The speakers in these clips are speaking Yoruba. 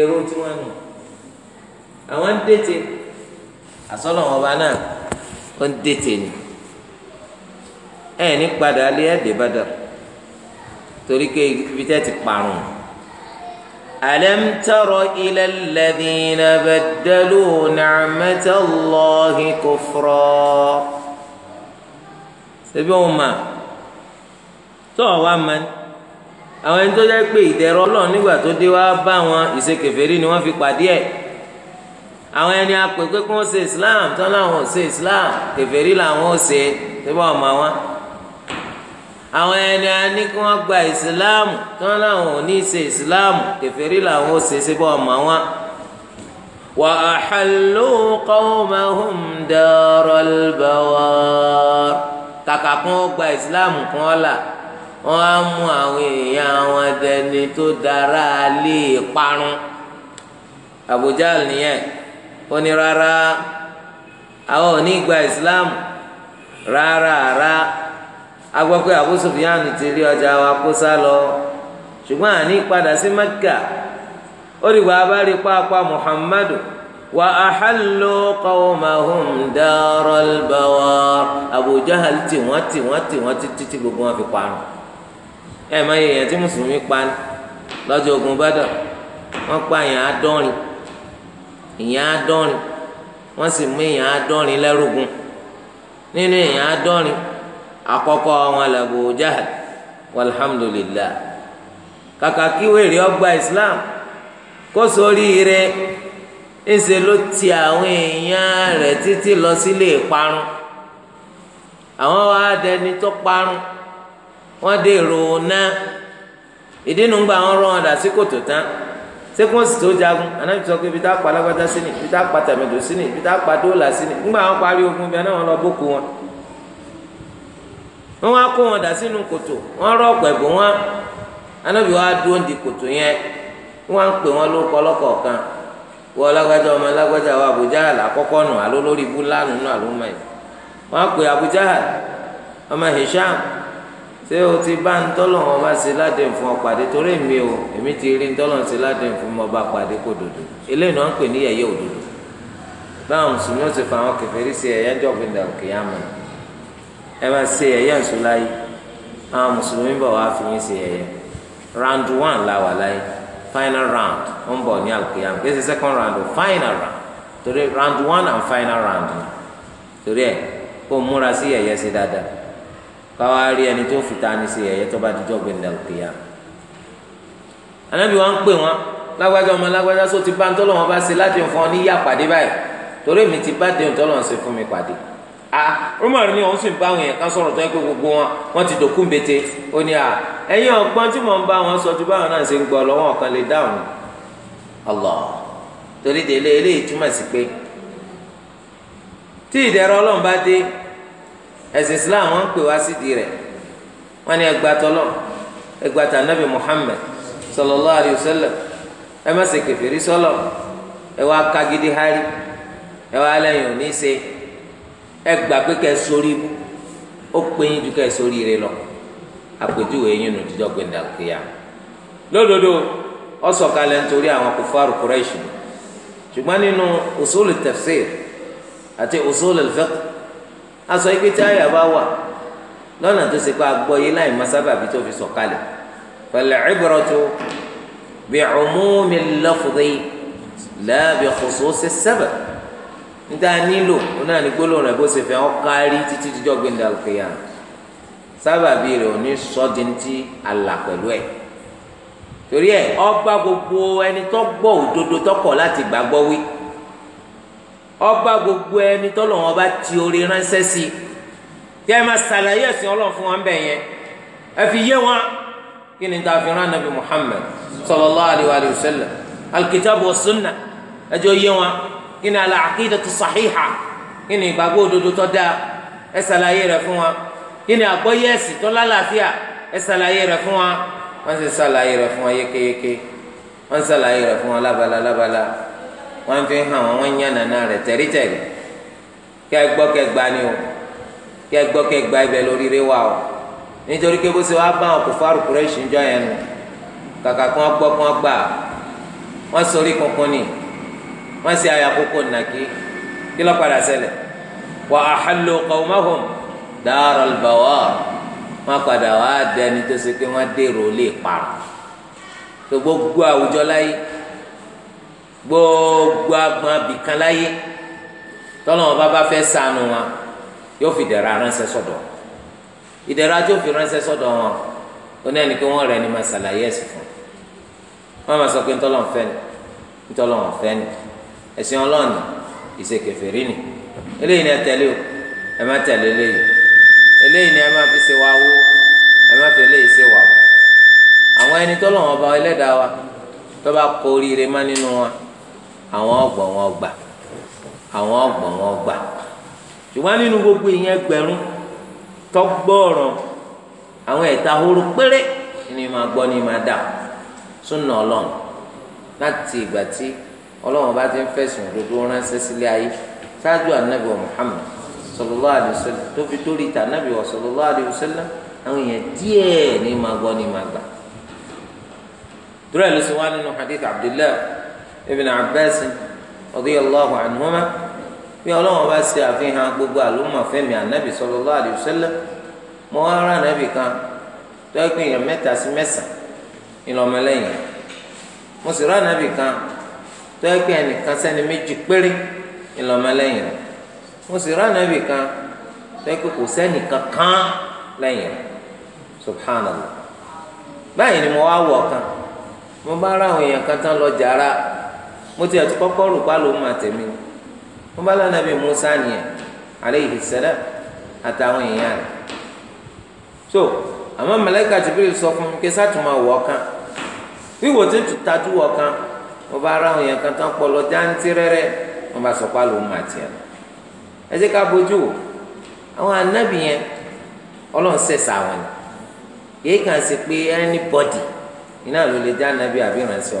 èrò tí wọ́n nù àwọn ń dètè àsọlọ̀ wọn bá náà ó ń dètè ni ẹ̀ ní padà alẹ́ ẹ̀ bàdà torí pé ibi tẹ́ ti parun. ألم تر إلى الذين بدلوا نعمة الله كفرا سبيهم ما تو وامن àwọn ẹni tó jẹ́ pé ìdẹ̀rọ ọlọ́run nígbà tó dé wá bá wọn ìṣekèfèrí ni wọ́n fi pàdé ẹ̀ àwọn ẹni apè pé kí wọ́n ṣe islam tán láwọn ò ṣe islam kèfèrí làwọn ò ṣe síbá ọmọ wọn àwọn ẹni aní kí wọ́n gba islam tán láwọn ò ní ṣe islam kèfèrí làwọn ò ṣe síbá ọmọ wọn. وأحلوا قومهم دار البوار kàkà kún ó gba ìsìláàmù kan ọ̀la wọ́n á mú àwọn èèyàn wọn dẹni tó dára lé parun Abu Jahl nìyẹn ó ní rárá àwọn ò ní gba Islam rárá rárá a gbọ́ pé Abu Sufyan ti rí ọjà wa kó sá lọ ṣùgbọ́n àní padà sí Mẹ́kà ó rí wàá bá rí pápá Muhammadu wa ahallu qawmahum daral bawar Abu Jahl tí wọ́n tí wọ́n tí wọ́n títí gbogbo wọn fi parun ẹ máa yẹ èèyàn tí mùsùlùmí pa ni lọ́jọ́ ogun Badr wọ́n pa èèyàn àádọ́rin èèyàn àádọ́rin wọ́n sì mú èèyàn àádọ́rin lẹ́rùgùn nínú èèyàn àádọ́rin àkọ́kọ́ wọn l'Abu Jahl walhamdulillah kàkà kí wèrè ọgbà Islam kó sórí rẹ ńṣe ló ti àwọn èèyàn rẹ títí lọ sílé ìparun àwọn wa dẹni tó parun. wọ́n dé ròóná ìdínú gba àwọn ọ̀rọ̀ wọn dà sí tán sì tó jagun anábì sọ pé ibi tá a pa alágbádá sí ni ibi tá a pa tàmẹ̀dò sí ni ibi tá a pa dóòlà sí ni ńgbà wọn parí ogun bí anáwọn lọ bókun wọn wọn wá kó wọn dà sínú kòtò wọn rọ wọn dúró di kòtò yẹn wọn pè wọn ṣé o ti bá ń tọ́lọ̀ wọn bá ṣe ládé fún ọ torí èmi o èmi ti rí ń tọ́lọ̀ ṣe ọba pàdé kò dòdò eléyìí náà ń pè ní yẹ̀yẹ́ òdòdò báwọn mùsùlùmí ó ti fa àwọn kèfèrí sí ẹ̀yẹ́ ń dà òkè yá mọ̀ ẹ bá ṣe láyé àwọn mùsùlùmí bọ̀ wá fi yín ṣe round one la wà láyé final round ń bọ̀ ní kí ẹ ṣe second torí round one káwá rí ẹni tó fi tani sí ẹ̀yẹ tó bá dijọ́ gbẹ̀ndà òkè yá anabi wa ń pè wọn lágbájá ọmọ lágbájá só ti bá ń tọ́lọ̀ wọn bá ṣe láti fún ọ ní yá pàdé báyìí torí èmi ti bá dé ìtọ́lọ̀ ṣe fún mi pàdé a Umar ni òun sì ń bá àwọn èèyàn kan sọ̀rọ̀ tó ń pè gbogbo wọn wọ́n ti dòkú mbete ó ní a ẹ̀yin ọ̀gbọ́n tí mò ń bá wọn sọ ju báwọn náà ṣe ń gbọ́ lọ́wọ́ ọ̀kan lè dáhùn Allah torí délé eléyìí túmọ̀ sí pé tí ìdẹ̀rọ̀ Ọlọ́run bá dé ẹ̀sìn islam wọ́n ń pè wá sídìí rẹ̀ wọ́n ní ẹgbà tọ́lọ̀ ẹgbà tànàbì muhammed sallallahu alayhi wa sallam ẹ má ṣe kèfèrí sọlọ ẹ wá kagidi hari ẹ wá lẹ́yìn òní ṣe ẹ gbà pé kẹ sórí ibú ó pé yín ju kẹ sórí ire lọ àpèjúwe yín nù jíjọ gbẹndà kéya lódodo ó sọ̀kalẹ̀ nítorí àwọn kufaru Quraish ṣùgbọ́n nínú usul tafsir àti usul al aṣọ ike tí àyà bá wà lọ́nà tó ṣe pé agbọ́yé láì má sábàbí tó fi sọ̀kalẹ̀ fal-ibratu bi'umumi al-lafzi la bi khususi as-sabab níta nílò náà ní gbólóhùn rẹ̀ bó ṣe fẹ́ ọ́ kárí títí dídọ́ gbẹ̀ndà òkèèyàn sábàbí rẹ̀ ò ní sọ́díntì àlà pẹ̀lú ẹ̀ torí ẹ̀ ọgbà gbogbo ẹni tó gbọ́ òdodo tó láti gbàgbọ́ wí ọba gbogbo ẹni tọ́lọ̀ wọn bá ti orí ránṣẹ́ sí i yẹ́ ẹ máa ṣàlàyé ẹ̀sìn ọlọ́run fún wọn bẹ̀ yẹn ẹ fi yé wọn kí ni táa fi rán anabi muhammed sallallahu alayhi wa sallam alkitabu wa sunna ẹ jọ yé wọn kí ni al-aqidatu sahiha kí ni ìgbàgbọ́ òdodo tó dáa ẹ ṣàlàyé rẹ̀ fún wọn kí ni àgbọ́yé ẹ̀sìn tó lálàáfíà ẹ ṣàlàyé rẹ̀ fún wọn wọ́n sì ṣàlàyé rẹ̀ fún wọn yékéyéké wọ́n ṣàlàyé rẹ̀ fún wọn lábala lábala wọ́n fi hàn wọ́n wọ́n yàn nàna rẹ̀ tẹ̀rítẹ̀rí kẹ́ ẹ gbọ́ kẹ́ ẹ gba ni o kẹ́ ẹ gbọ́ kẹ́ ẹ gba ibẹ̀ lórí rẹ wa o nítorí pé bó ṣe wá bá ọkọ̀ fárú kúrẹ́ṣì ń jọ yẹn nu kàkà kí wọ́n gbọ́ kí wọ́n gbà wọ́n sọrí kankan ni wọ́n ṣe àyàkókò nàkí kí ló padà ṣẹlẹ̀ wà á hàlò qawmahum daral bawar wọ́n padà wá dẹni tó ṣe pé wọ́n dèrò lè parọ́ gbogbo àwùjọ láyé gbogbo agbọn abìkan láyé tọ́lọ́ wọn bá bá fẹ́ sànù wọn yóò fi dẹ̀ra ránṣẹ́ sọ̀dọ̀ ìdẹ̀ra tó fi ránṣẹ́ sọ̀dọ̀ wọn ó ní ẹni pé wọ́n rẹ̀ ni máa ṣàlàyé ẹ̀sìn fún wọn máa sọ pé ntọ́lọ́ ń fẹ́ ni ntọ́lọ́ ń fẹ́ ni ẹ̀sìn ọlọ́ọ̀ni ìṣèkèfèrí ni eléyìí ni ẹ tẹ̀lé o ẹ má tẹ̀lé eléyìí eléyìí ni ẹ má fi ṣe wàá wó ẹ má fi eléyìí ṣe wàá wó àwọn ẹni tọ́lọ́ wọn bá ẹlẹ́dàá wa tó bá kó oríire má nínú wa àwọn ọgbọ̀n wọn gbà àwọn ọgbọ̀n wọn gbà ṣùgbọ́n nínú gbogbo ìyẹn ẹgbẹ̀rún tọgbọ́ọ̀rọ̀ àwọn ẹ̀ta horo péré ni màá gbọ́ ni màá dà súnà ọlọ́run láti ìgbà tí ọlọ́run bá ti ń fẹ̀sùn òdodo ránṣẹ́ sílé ayé ṣáájú ànábì wa Muhammad sallallahu alaihi wasallam tó fi dórí ìta ànábì wa sallallahu alaihi wasallam àwọn èèyàn díẹ̀ ni màá gbọ́ ni màá gbà. dúró ẹ̀ ló sì wá nínú hadith Abdullah ibn abbas radiyallahu anhuma bí ọlọ́wọ́n bá ṣe àfihàn gbogbo àlùmọ̀ fẹ́mi ànábì sallallahu alayhi wa sallam mọ́ ara ànábì kan tó yẹ pé èèyàn mẹ́ta sí mẹ́sàn-án ìlọmọlẹ́yìn mo sì rán ànábì kan tó yẹ pé ẹnìkan sẹ́ni méjì péré ìlọmọlẹ́yìn mo sì rán ànábì kan tó yẹ kò sẹ́ni kankan lẹ́yìn subhanallah báyìí ni mo wá wọ̀ kan mo bá ra àwọn èèyàn kan tán lọ jàrá. mo ti àti kọ́kọ́ rò pa ló ma tẹ̀mí mo bá lọ́nà bíi Musa nìyẹn alayhi salam àtàwọn èèyàn rẹ̀ so àmọ́ kan kan mo bá ara àwọn èèyàn kan tán pọ̀ lọ jáǹtí rẹ́rẹ́ mo bá sọ pa ló ma tiẹ̀ ẹ ká bójú wò àwọn anábì yẹn ọlọ́run ni kàn sí pé anybody iná ló lè já anábì àbí ìrànṣẹ́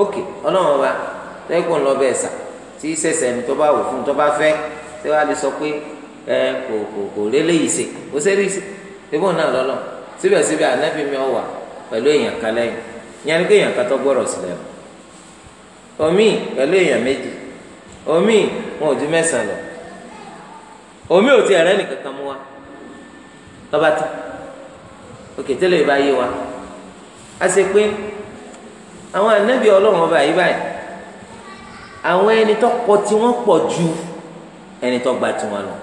ókè ọlọ́run ọba tẹ́gbọ̀n lọ bẹ́ẹ̀ tí sẹ̀sẹ̀ ní tó wò fún tí wàá lè sọ pé ẹ kò kò kò lélẹ̀ yìí sè kò sẹ́rí sè ebó náà lọ́lọ́ síbẹ̀síbẹ̀ ànábì mi pẹ̀lú èèyàn kan lẹ́yìn ni omi pẹ̀lú èèyàn méjì omi wọn ò omi ò ti ẹ̀rẹ́ mú wa tán àwọn ànábì ọlọ́run ọba yìí báyìí àwọn ẹni tó pọ̀ tí wọ́n pọ̀ ju ẹni tó gba tiwọn lọ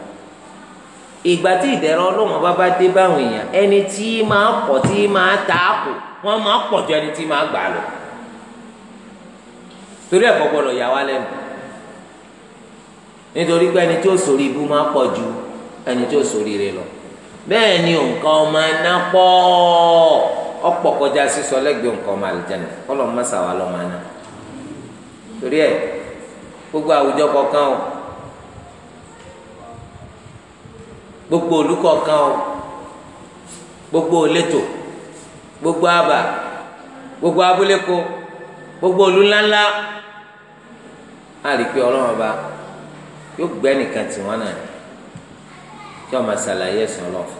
ìgbà tí ìdẹ̀rọ ọlọ́run ọba bá dé báwọn èèyàn ẹni tí máa pọ̀ tí máa ta àpò wọ́n máa pọ̀ ju ẹni tí máa gbà lọ torí ẹ̀kọ́ gbọ́dọ̀ yà wá lẹ́nu nítorí pé ẹni tí ó sórí ibú máa pọ̀ ju ẹni tí ó sórí rẹ lọ bẹ́ẹ̀ ni nǹkan ọmọ ẹ̀ náà pọ̀ ọ́ ọ̀pọ̀ kọjá sísọ lẹ́gbẹ̀ẹ́ nǹkan ọmọ àlìjáná kọ́lọ̀ mọ́sà wà lọ́mọ àná torí ẹ̀ gbogbo àwùjọ kọ̀ọ̀kan o gbogbo olùkọ̀ọ̀kan o gbogbo ìletò gbogbo àbà gbogbo abúléko gbogbo olú ńláńlá àlìpé ọlọ́run ọba yóò gbẹ́ nìkan tí wọ́n náà tí wọ́n máa ṣàlàyé ẹ̀sìn ọlọ́run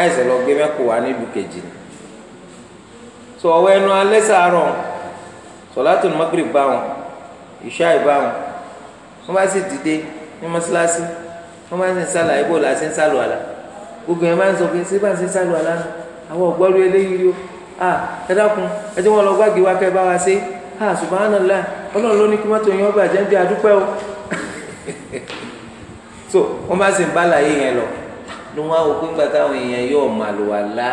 àìsàn lọ gbé mẹ́kò wá nílùú kejì ni tó ọwọ́ ẹnu alẹ́ sàárọ̀ sọ̀látò ní magrib bá wọn ìṣá ìbá wọn wọ́n bá sì dìde ní mọ́ṣáláṣí wọ́n bá sì ń sálà ibò là sí ń sálù àlà gbogbo yẹn bá ń sọ pé sí bá ń sí ń sálù àlà nù àwọn ọ̀gbọ́rú eléyìí rí o à ẹ ẹ tí wọ́n lọ gbági wá kẹ́ bá wa sí à subhanallah ọlọ́run ló ní kí mọ́tò yẹn ọgbà jẹ́ ń bí adúpẹ́ o so wọ́n bá sì ń bá àlàyé yẹn lọ ló wá wò pé nígbà táwọn èèyàn yóò máa lò wá lá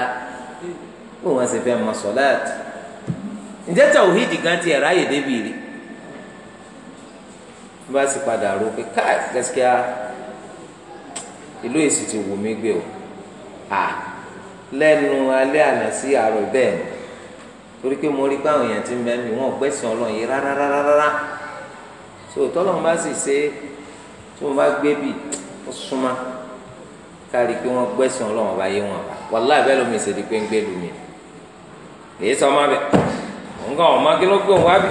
pé wọ́n sì fẹ́ mọ sọ́láàtì ǹjẹ́ tàwíìdì gan ti ẹ̀rá yè débi rí bí wọ́n sì padà rò pé káì gẹ́sìkíá ìlú èsì ti wù mí gbé o à lẹ́nu alẹ́ àná sí àárọ̀ bẹ́ẹ̀ ni torí pé mo rí pé àwọn èèyàn ti ń bẹ mi wọn ò gbẹ́sìn ọlọ́run yìí rárá rárá rárá so tọ́lọ́run bá sì ṣe tí mo bá gbé bì ó súnmọ́. kárí pé wọ́n gbẹ́sìn ọlọ́wọ́n bá yé wọn bá wàlá ìbẹ́ lómi ìṣèlú pé ń gbé lómi èyí sọ ọmọ bẹ nǹkan ọmọ kí ló gbé òun wá bí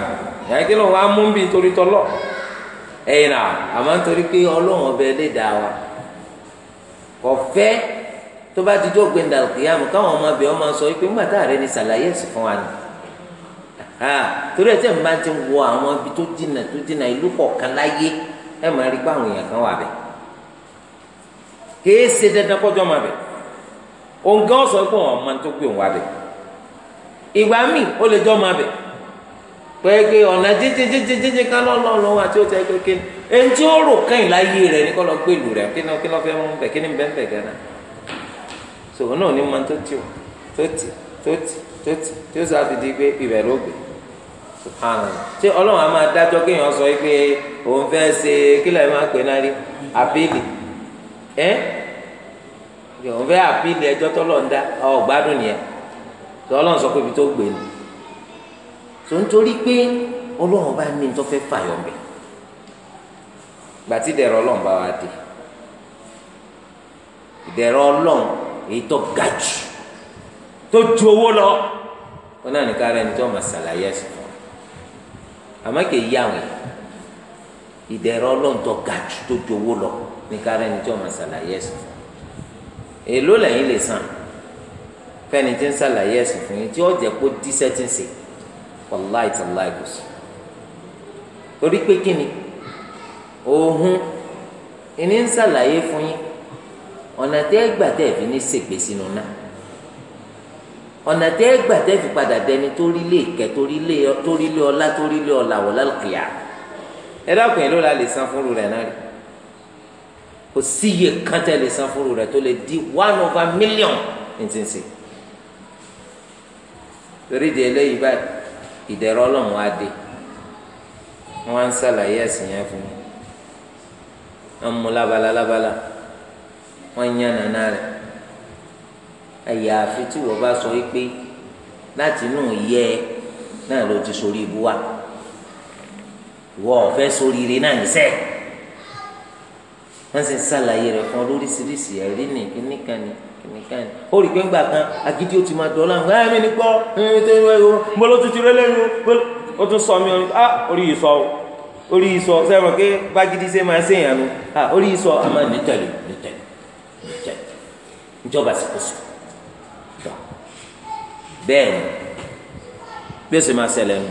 ìyá kí ló wá mú bí torí tọlọ náà nítorí wa kò tó bá òkèèyàn káwọn sọ pé ńgbà a rẹ ni sàlàyé ẹ̀sìn fún wa ni torí ẹ bá ti wọ àwọn ibi kèé ṣe dandan kọjọ́ máa bẹ̀ òǹkà ọ̀sọ̀ pé wọn máa tó gbé òun wá bẹ̀ ìgbà míì ó lè jọ́ máa bẹ̀ pẹ́ẹ́kẹ́ ọ̀nà jíjíjíjíjí lọ́wọ́ àti kékeré tí ó rò kẹ́yìn láyé ní kọ́ lọ kí ni fẹ́ mú tó tó tó tó tí ó sáà di pé ibẹ̀ ló gbé ṣé ọlọ́run á máa dájọ́ kéèyàn sọ pé òun fẹ́ ẹ yòówù fẹ́ àpìlì ẹjọ́ tọ́lọ̀ ń dá ọ̀gbádùn nìyẹn tọ́lọ̀ sọ pé ibi tó gbé ni tó ń torí pé ọlọ́run bá tó fẹ́ gbàtí ọlọ́run bá wa dé ọlọ́run èyí owó lọ wọn náà rẹ ní máa ṣàlàyé fún wa àmọ́ kì owó lọ. ní kárẹ́ ní tí ọmọ ṣàlàyé ẹ̀sìn fún èló lẹ́yìn lè san fẹ́ni tí ń ṣàlàyé ẹ̀sìn fún yín tí ó jẹ́ pé díṣẹ́ ti ń ṣe wàláì tí láì kò sí torí pé kí ni òhun ìní ń ṣàlàyé fún yín ọ̀nà tẹ́ gbà tẹ́ fi ní ṣègbè sínú náà ọ̀nà tẹ́ gbà tẹ́ fi padà dẹni torí lé ìkẹ́ torí lé ọlá torí lé ọlá wọ̀ lálùkìyà ẹ dákun ìlú la lè san fúnru rẹ̀ náà rí kò sí iye kan tẹ́ lè san fúru rẹ̀ tó lè di one over million ntìnsìn torí de eléyìí báyìí ìdẹ̀rọ̀ ọlọ́run á dé wọ́n á ń ṣàlàyé ẹ̀sìn yẹn fún mi wọ́n mú lábala lábala wọ́n ń yàn nàná rẹ̀ ẹ̀yà àfi tí wọ́n bá sọ pé láti inú yẹ náà ló ti sórí ibú wa wọ́n ò fẹ́ náà níṣẹ́ wọ́n sì ń ṣàlàyé rẹ̀ fún ọ lóríṣiríṣi ni kìnnìkan ni kìnnìkan ni ó rí i pé ńgbà kan agídí ó ti máa dọ̀ láwọn ẹ̀mí ni gbọ́ ẹ̀mí tó ń wẹ̀ o mo ló tutù rẹ lẹ́nu ó tún sọ mi ọ́ ah, orí yìí sọ orí yìí sọ sẹ́wọ̀n pé bágídí ṣe máa ṣe ìyànnu ah, orí yìí sọ àmọ́ nítẹ̀lé nítẹ̀lé nítẹ̀lé ìjọba sì kó sùn bẹ́ẹ̀ ni bí ó sì máa ṣẹlẹ̀ nu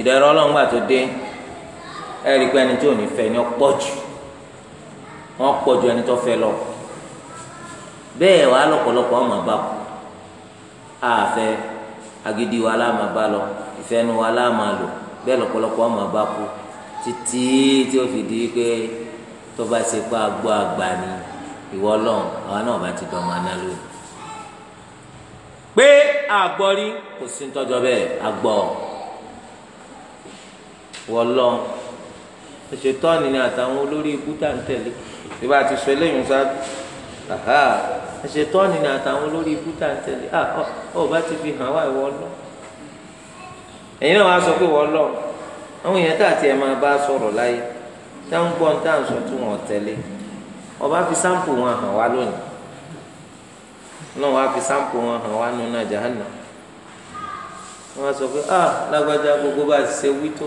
ìdẹ̀rọ̀ ọlọ́ngbà tó dé ẹ̀rí pé ẹni tí ò ní fẹ́ ni ọ pọ̀ jù wọn pọ̀ ju ẹni tó fẹ́ lọ bẹ́ẹ̀ wàá lọ́pọ̀lọpọ̀ ọmọ bá kú àfẹ́ agídí wa láàmà bá lọ ìfẹ́nu wa láàmà lò bẹ́ẹ̀ lọ́pọ̀lọpọ̀ ọmọ bá kú títí tí ó fi di pé tó bá ṣe pé agbó àgbà ni ìwọ ọlọ́run àwa náà bá ti dọ̀mọ́ aná lónìí pé àgbọ̀rí kò sí tọ́jọ́ bẹ́ẹ̀ àgbọ̀ wọ́lọ́ ṣètọ́ni ni àtàwọn olórí ikú tá à ń tẹ̀lé tí bá ti sọ eléyìí ṣáájú ṣètọ́ni ni àtàwọn olórí ibú tá à ń tẹ̀lé ah, ọ bá ti fi hàn wá ìwọ lọ ẹ̀yin náà wàá sọ pé ìwọ lọ àwọn èèyàn tá àti ẹ̀ máa bá sọ̀rọ̀ láyé tá ń gbọ́n tá à ń sọ tí wọ́n tẹ̀lé ọba fi sáǹpù wọn hàn wá lónìí náà wàá fi sáǹpù wọn hàn wá nínú Jahannam wọ́n sọ pé ah lágbájá gbogbo bá ti ṣe wí tó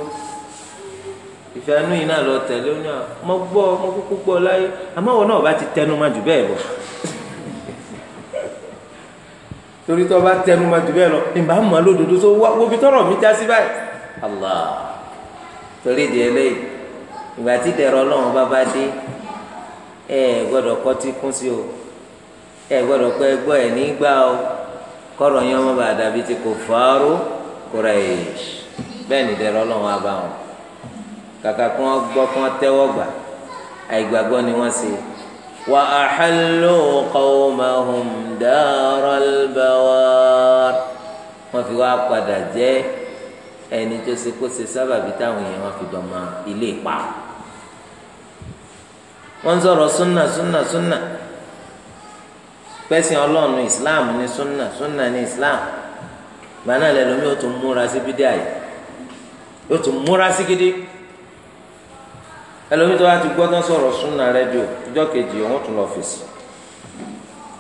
ìfẹ́ anú yìí náà lọ tẹ̀lé ó ní ah, mọ gbọ́ mọ kúkú gbọ́ láyé náà bá ti tẹnu ma jù bẹ́ẹ̀ lọ torí tó bá tẹnu ma jù bẹ́ẹ̀ lọ ìbá lódodo tó wá wo fi tọrọ mi já sí báyìí Allah torí ìdí eléyìí ìgbà tí dẹ̀rọ ọlọ́run bá bá dé ẹ gbọ́dọ̀ kún sí o ẹ gbọ́dọ̀ pé gbọ́ nígbà o ọmọ bàdàbí ti kò fọ́ọ́rọ́ bẹ́ẹ̀ ni ọlọ́run bá kàkà kí wọ́n gbọ́ kí wọ́n tẹ́wọ́ gbà àìgbàgbọ́ ni wọ́n ṣe. wà á hàlù qawmahum daral bawar wọ́n fi wá padà jẹ́ ẹni tó ṣe kó ṣe sábàbí táwọn èèyàn wọn fi dọ̀mọ ilé ìpa. wọ́n ń súnà súnà súnà pẹ́sìn ọlọ́run islam ní súnà súnà ní islam gbaná lẹ́nu mi tún múra sí bídíà yìí ó tún múra sí gidi ẹlòmíì tó bá ti gbọ́dọ̀ sọ̀rọ̀ súnà rẹ́díò ìjọ kejì òun tún lọ fèsì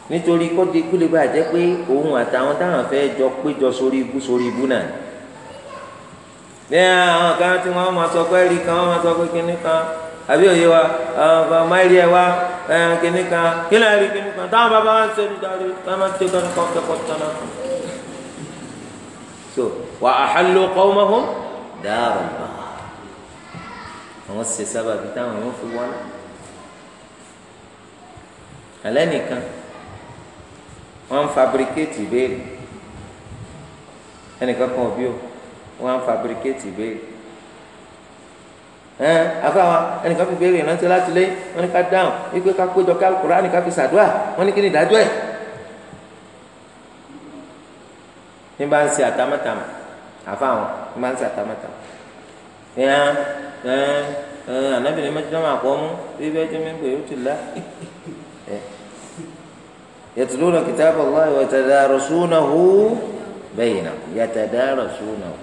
nítorí kó de kó lè bá jẹ́ pé òun àtàwọn táwọn fẹ́ jọ péjọ sórí ibú sórí ibú náà ní àwọn kan tí wọ́n máa sọ pé rí kan wọ́n máa sọ pé kíní kan àbí òye wa ọmọ máìlì ẹ wa kíní kan kí lè rí kíní kan táwọn bàbá wa ń ṣe ní darí táwọn máa ń ṣe kọ́ni kọ́ni kọ́ni kọ́ni kọ́ni. so wa ahallu qawmahum dáàrọ̀ náà àwọn ṣe sábàbí táwọn yóò fi wọlé alẹ́ nìkan wọ́n ń fabricate ìbéèrè ẹnìkan kan òbí o wọ́n ń fabricate ìbéèrè ẹ afáwa ẹnìkan fi béèrè ìrántí láti lé wọ́n ní ká dáhùn wípé ká kójọ ká Kùránì ká fi ṣàdúrà wọ́n ní kí ni ìdájọ́ ẹ̀ ní bá ń ṣe àtàmọ́tàmọ́ àfáwọn ní bá ń ṣe àtàmọ́tàmọ́ ẹ ẹ anabi ni mẹjọ máa kọ mú bí bẹ́ẹ̀ jẹ́ mẹ́gbẹ́ yóò ti la ẹ yatuluna kitab Allah wa tadarasunahu bainakum yatadarasunahu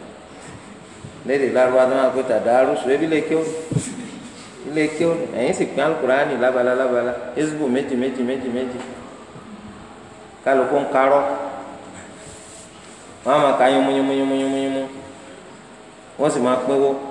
lédè lárúbá tó máa pé tàdárùsù ebi lè kéwòn ilé kéwòn ẹ̀yìn sì pín alukurani lábala lábala ezubu méjì méjì méjì méjì kálukú ń karọ wọn a máa ka yúnmú yúnmú yúnmú wọn sì máa pínwó.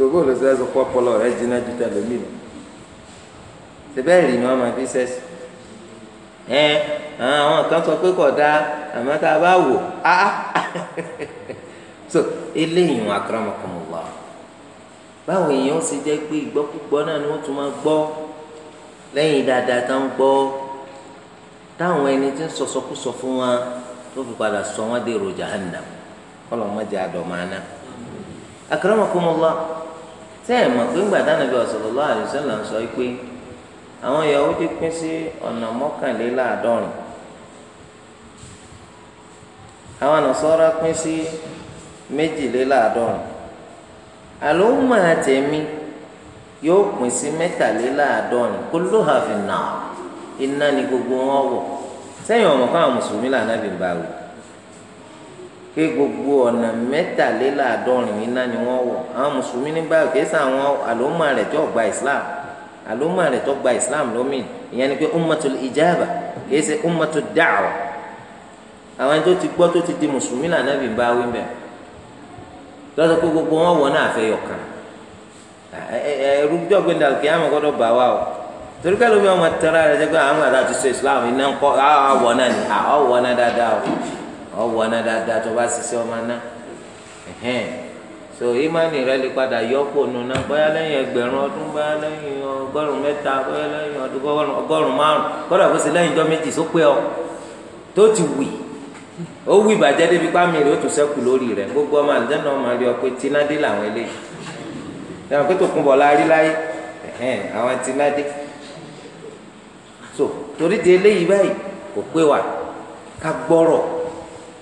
tó bó ló sọ pé ọpọlọ rẹ jiná ju tẹlomi lọ síbẹ̀ rì ni wọ́n máa fi sẹ́sì ẹ àwọn kan sọ pé kò dáa àmọ́ tá a bá wò á so eléyìí wọn akramakumullah báwo èèyàn ó sì jẹ́ pé ìgbọ́kúgbọ́ náà ni wọ́n tún máa gbọ́ lẹ́yìn dáadáa tá ń gbọ́ táwọn ẹni tí ń sọsọkúsọ fún wa tó fi padà sọ wọn dèrò jahannam kọlọ mọjà àdọmọ àná akramakumullah tẹ́ ẹ̀ mọ̀ pé gbàdá nàbí sallallahu alaihi wasallam sọ pé àwọn Yahudi pín sí ọ̀nà mọ́kànléláàádọ́rin àwọn Nasara pín sí méjìléláàádọ́rin àlòmọ àtẹ̀mí yóò pín sí mẹ́tàléláàádọ́rin kulluha fin nar iná ni gbogbo wọn wọ̀ sẹ́yìn ọmọ káwọn mùsùlùmí làánà bí ń bá wò. ke gbogbo ọ̀nà mẹ́tàléláàádọ́rin iná ni wọ́n wọ̀ àwọn mùsùlùmí nígbà kẹsà àwọn àlòmọ́ rẹ̀ tó gba islam àlòmọ́ rẹ̀ tó gba islam lómi ìyẹn ni pé ijaba kìí ṣe ummatul àwọn ẹni tó ti di mùsùlùmí lànàbì bá wí gbogbo wọn wọ̀ náà fẹ́ o torí rẹ̀ jẹ́ pé àwọn ọwọ́ náà dáadáa tó bá ṣiṣẹ́ ọmọ náà so ìmánì rẹ lè padà yọpọ̀ nù náà bóyá lẹ́yìn ẹgbẹ̀rún ọdún bóyá lẹ́yìn ọgọ́rùn mẹ́ta bóyá lẹ́yìn ọdún ọgọ́rùn márùn kódà kó sì lẹ́yìn méjì pé ọ tó ti wì ó wì bàjẹ́ débi pàmì rẹ ó tún sẹ́kù lórí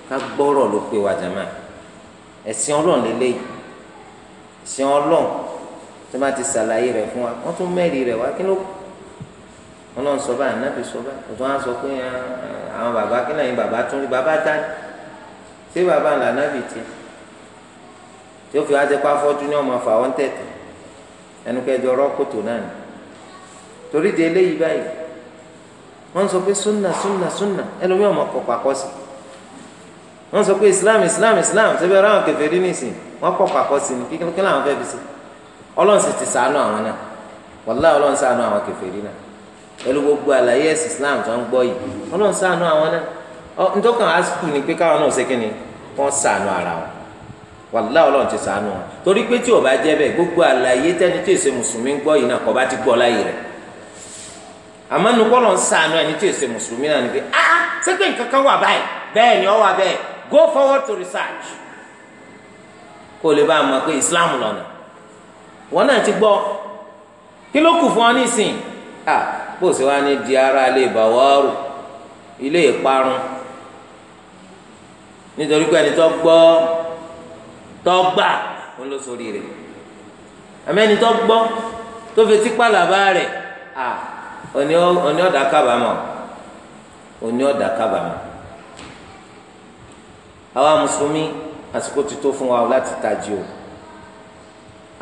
ká gbọ́rọ̀ ló pé wa jama. ẹ̀sìn ọlọ́run lélẹ́yìí ẹ̀sìn ọlọ́run tó bá ti ṣàlàyé rẹ̀ fún wa wọ́n tún mẹ́rin rẹ̀ wá kí ló kù wọ́n lọ́n sọ báyìí ànábì sọ báyìí òtún wọn sọ pé ah, ah, àwọn bàbá kí lẹ́yìn bàbá tún rí bàbá dání ṣé bàbá ńlá ànábì tiẹ̀ tí ó fi wá jẹ́ pé afọ́jú ni wọ́n máa fà wọ́n tẹ̀tẹ̀ ẹnu kẹjọ ọ̀rọ̀ kòtò náà ni torí di eléyìí báyìí wọ́n sọ pé súnà súnà súnà ẹlòmíràn máa sí i. wọ́n sọ pé islam islam islam ṣe bẹ́ẹ̀ ráwọn kẹfẹ́ rí nìsín wọ́n kọ́ pàkọ́ sí ni kíkẹ́ kí làwọn fẹ́ fi sí ọlọ́run sì ti sàánú àwọn náà wàlá ọlọ́run sàánú àwọn kẹfẹ́ rí náà pẹ̀lú gbogbo àlàyé islam tó ń gbọ́ yìí ọlọ́run sàánú àwọn náà ntọ́kàn ni pé káwọn náà ṣe kí ni wọ́n sàánú ara wọn wàlá ọlọ́run ti sàánú wọn torí pé tí jẹ́ bẹ́ẹ̀ gbogbo àlàyé tẹ́ni tí go forward to research kó o lè bá a mọ̀ pé islam lọ́nà wọn náà ti gbọ́ kí ló kù fún ọ nísìn à bó o sì wá ní di ara ilé ìbàwọ́rù ilé ìparun nítorí pé ẹni tó gbọ́ tó gbà ó ló sórí rẹ̀ àmẹ́ni tó gbọ́ tó fi tipa làbá rẹ̀ à òní ọ̀dà kábàámọ̀ òní ọ̀dà kábàámọ̀ àwa mùsùlùmí àsìkò ti tó fún wa láti tají o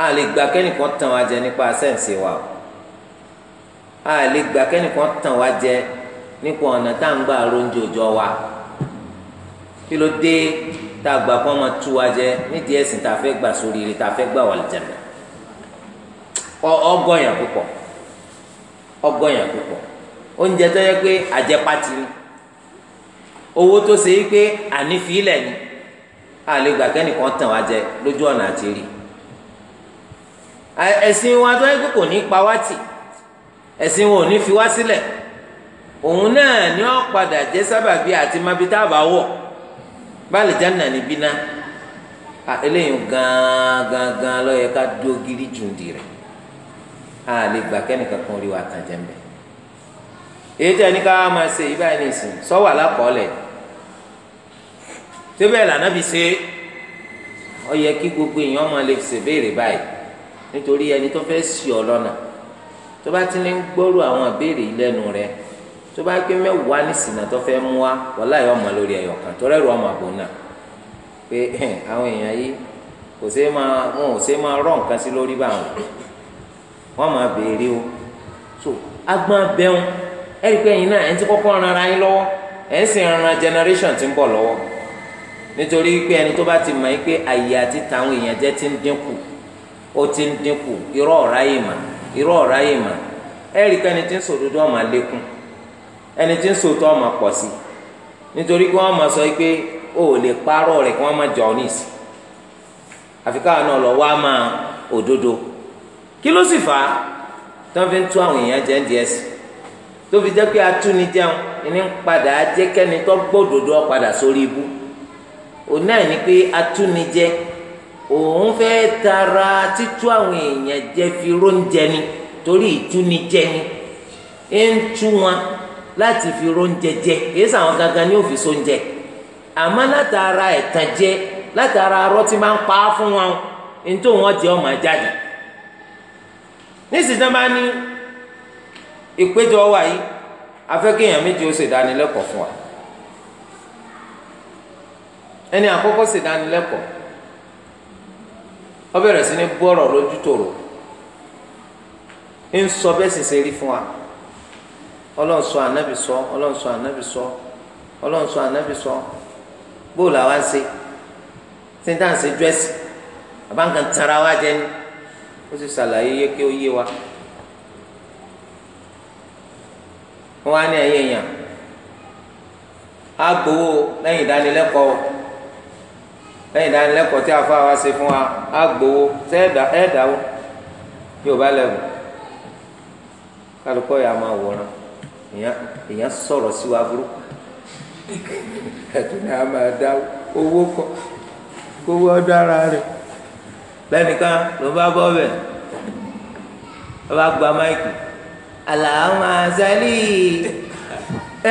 a lè gba kẹ́nìkan tàn wá jẹ nípa sẹ́ǹsì wa o a lè gba kẹ́nìkan tàn wá jẹ nípa ọ̀nà tá à ń gbà ronjò òjò wa kí ló dé tá a gbà kó ọmọ tú wa jẹ nídìí ẹ̀sìn tá a fẹ́ gbà sórí rẹ̀ tá a fẹ́ gbà wà lìjẹ̀mẹ̀ ọgọ́yàn púpọ̀ ọgọ́yàn púpọ̀ oúnjẹ tó yẹ pé àjẹpá ti ní owó tó ṣe é pé ànífìlẹ̀ ni a lè gbà kẹ́nìkan tàn wá jẹ lójú ọ̀nà àti rí ẹ̀sìn wa tó yẹ kò ní pa wá tì ẹ̀sìn wa ò ní fi wá sílẹ̀ òun náà ni ó padà jẹ́ sábàbí àti mabi tá a bá wọ̀ báàlì jánà níbí ná eléyìí gan-an gan-an yẹ ká dó gírí jùndì rẹ̀ a lè gbà kẹ́nìkan kan rí wa tàn jẹ́ mbẹ́ èyí tẹ́ ní ká máa ṣe ìbáyìí nìsín sọ́wọ́ àlápọ̀ọ́lẹ̀ yìí síbẹ̀ lànàbì ṣe ó yẹ kí gbogbo èèyàn máa lè ṣèbéèrè báyìí nítorí ẹni tó fẹ́ ṣì ọ lọ́nà tó bá ti ní ń gbọ́rọ̀ àwọn àbéèrè yìí lẹ́nu rẹ tó bá gbé mẹ́wàá nísìnà tó fẹ́ mú wa wàhálà yóò mọ lórí ẹ̀yọ̀ kan tó rẹ́rù ọmọ àbò náà pé àwọn èèyàn yìí kò ṣeé máa wọn ò ṣeé máa rọ nǹkan sí lórí báwọn wọn máa béèrè o so agbọn abẹ́hùn ẹ̀rí pé ẹ̀yin náà ẹ̀ ń ti kọ́kọ́ ran ara yín lọ́wọ́ ẹ̀ ń sì ran generation tí ń bọ̀ lọ́wọ́ nítorí pé ẹni tó bá ti mọ̀ yìí pé àyè àti tàwọn èèyàn jẹ́ ti ń dínkù ó ti ń dínkù irọ́ ọ̀rá yìí mà irọ́ ọ̀rá yìí mà ẹ̀rí pé ẹni tí ń sòdodo ọmọ lékún ẹni tí ń sòtọ́ ọmọ pọ̀ sí nítorí pé wọ́n mọ̀ sọ pé o ò lè parọ́ rẹ̀ kí wọ́n má jọ ọ́ nìsí àfi káwọn náà lọ wá máa òdodo kí ló sì fà á tí wọ́n fi tú àwọn èèyàn jẹ́ ń di tó fi jẹ́ pé atúnijẹun ìní ń padà jẹ́ kẹ́ni tó gbódodo padà sórí ibú òun náà ni pé atúnijẹ tara títú àwọn èèyàn jẹ fi róúnjẹ ni torí ìtúnijẹ ni e ń tú wọn láti fi róúnjẹ jẹ kìí sàwọn gangan ní òfin sóúnjẹ àmọ́ látara ẹ̀tàn jẹ látara arọ́ tí máa ń pa á fún wọn ntó wọn jẹ ọmọ jáde nísìsiyìí bá ní ìpéjọ wa yìí afẹ́kéèyàn méje ó ṣèdánilẹ́kọ̀ọ́ fún wa. ẹni àkọ́kọ́ si ó bẹ̀rẹ̀ sí bụ bọ́rọ̀ lójú tòrò ń sọ bẹ́ẹ̀ sì ṣe rí fún wa ọlọ́run sọ sọ ọlọ́run sọ ànábì sọ ṣe tí n ṣe àbáǹkan tara wa jẹ ni ó sì ṣàlàyé wa á ní á gbowó lẹ́yìn ìdánilẹ́kọ̀ọ́ tí afa wa ṣe fún wa á gbowó ṣé ẹ̀ dáwó yóò bá lẹ́wọ̀ kálukọ́ yà máa wòran èèyàn sọ̀rọ̀ sí wa burú ẹ̀tún ni a máa dá owó kọ kówó ọdún ara rẹ̀ lẹ́nìkan ló bá bọ́ bẹ̀ ló bá gba máìkì àlàáfà sẹ́lì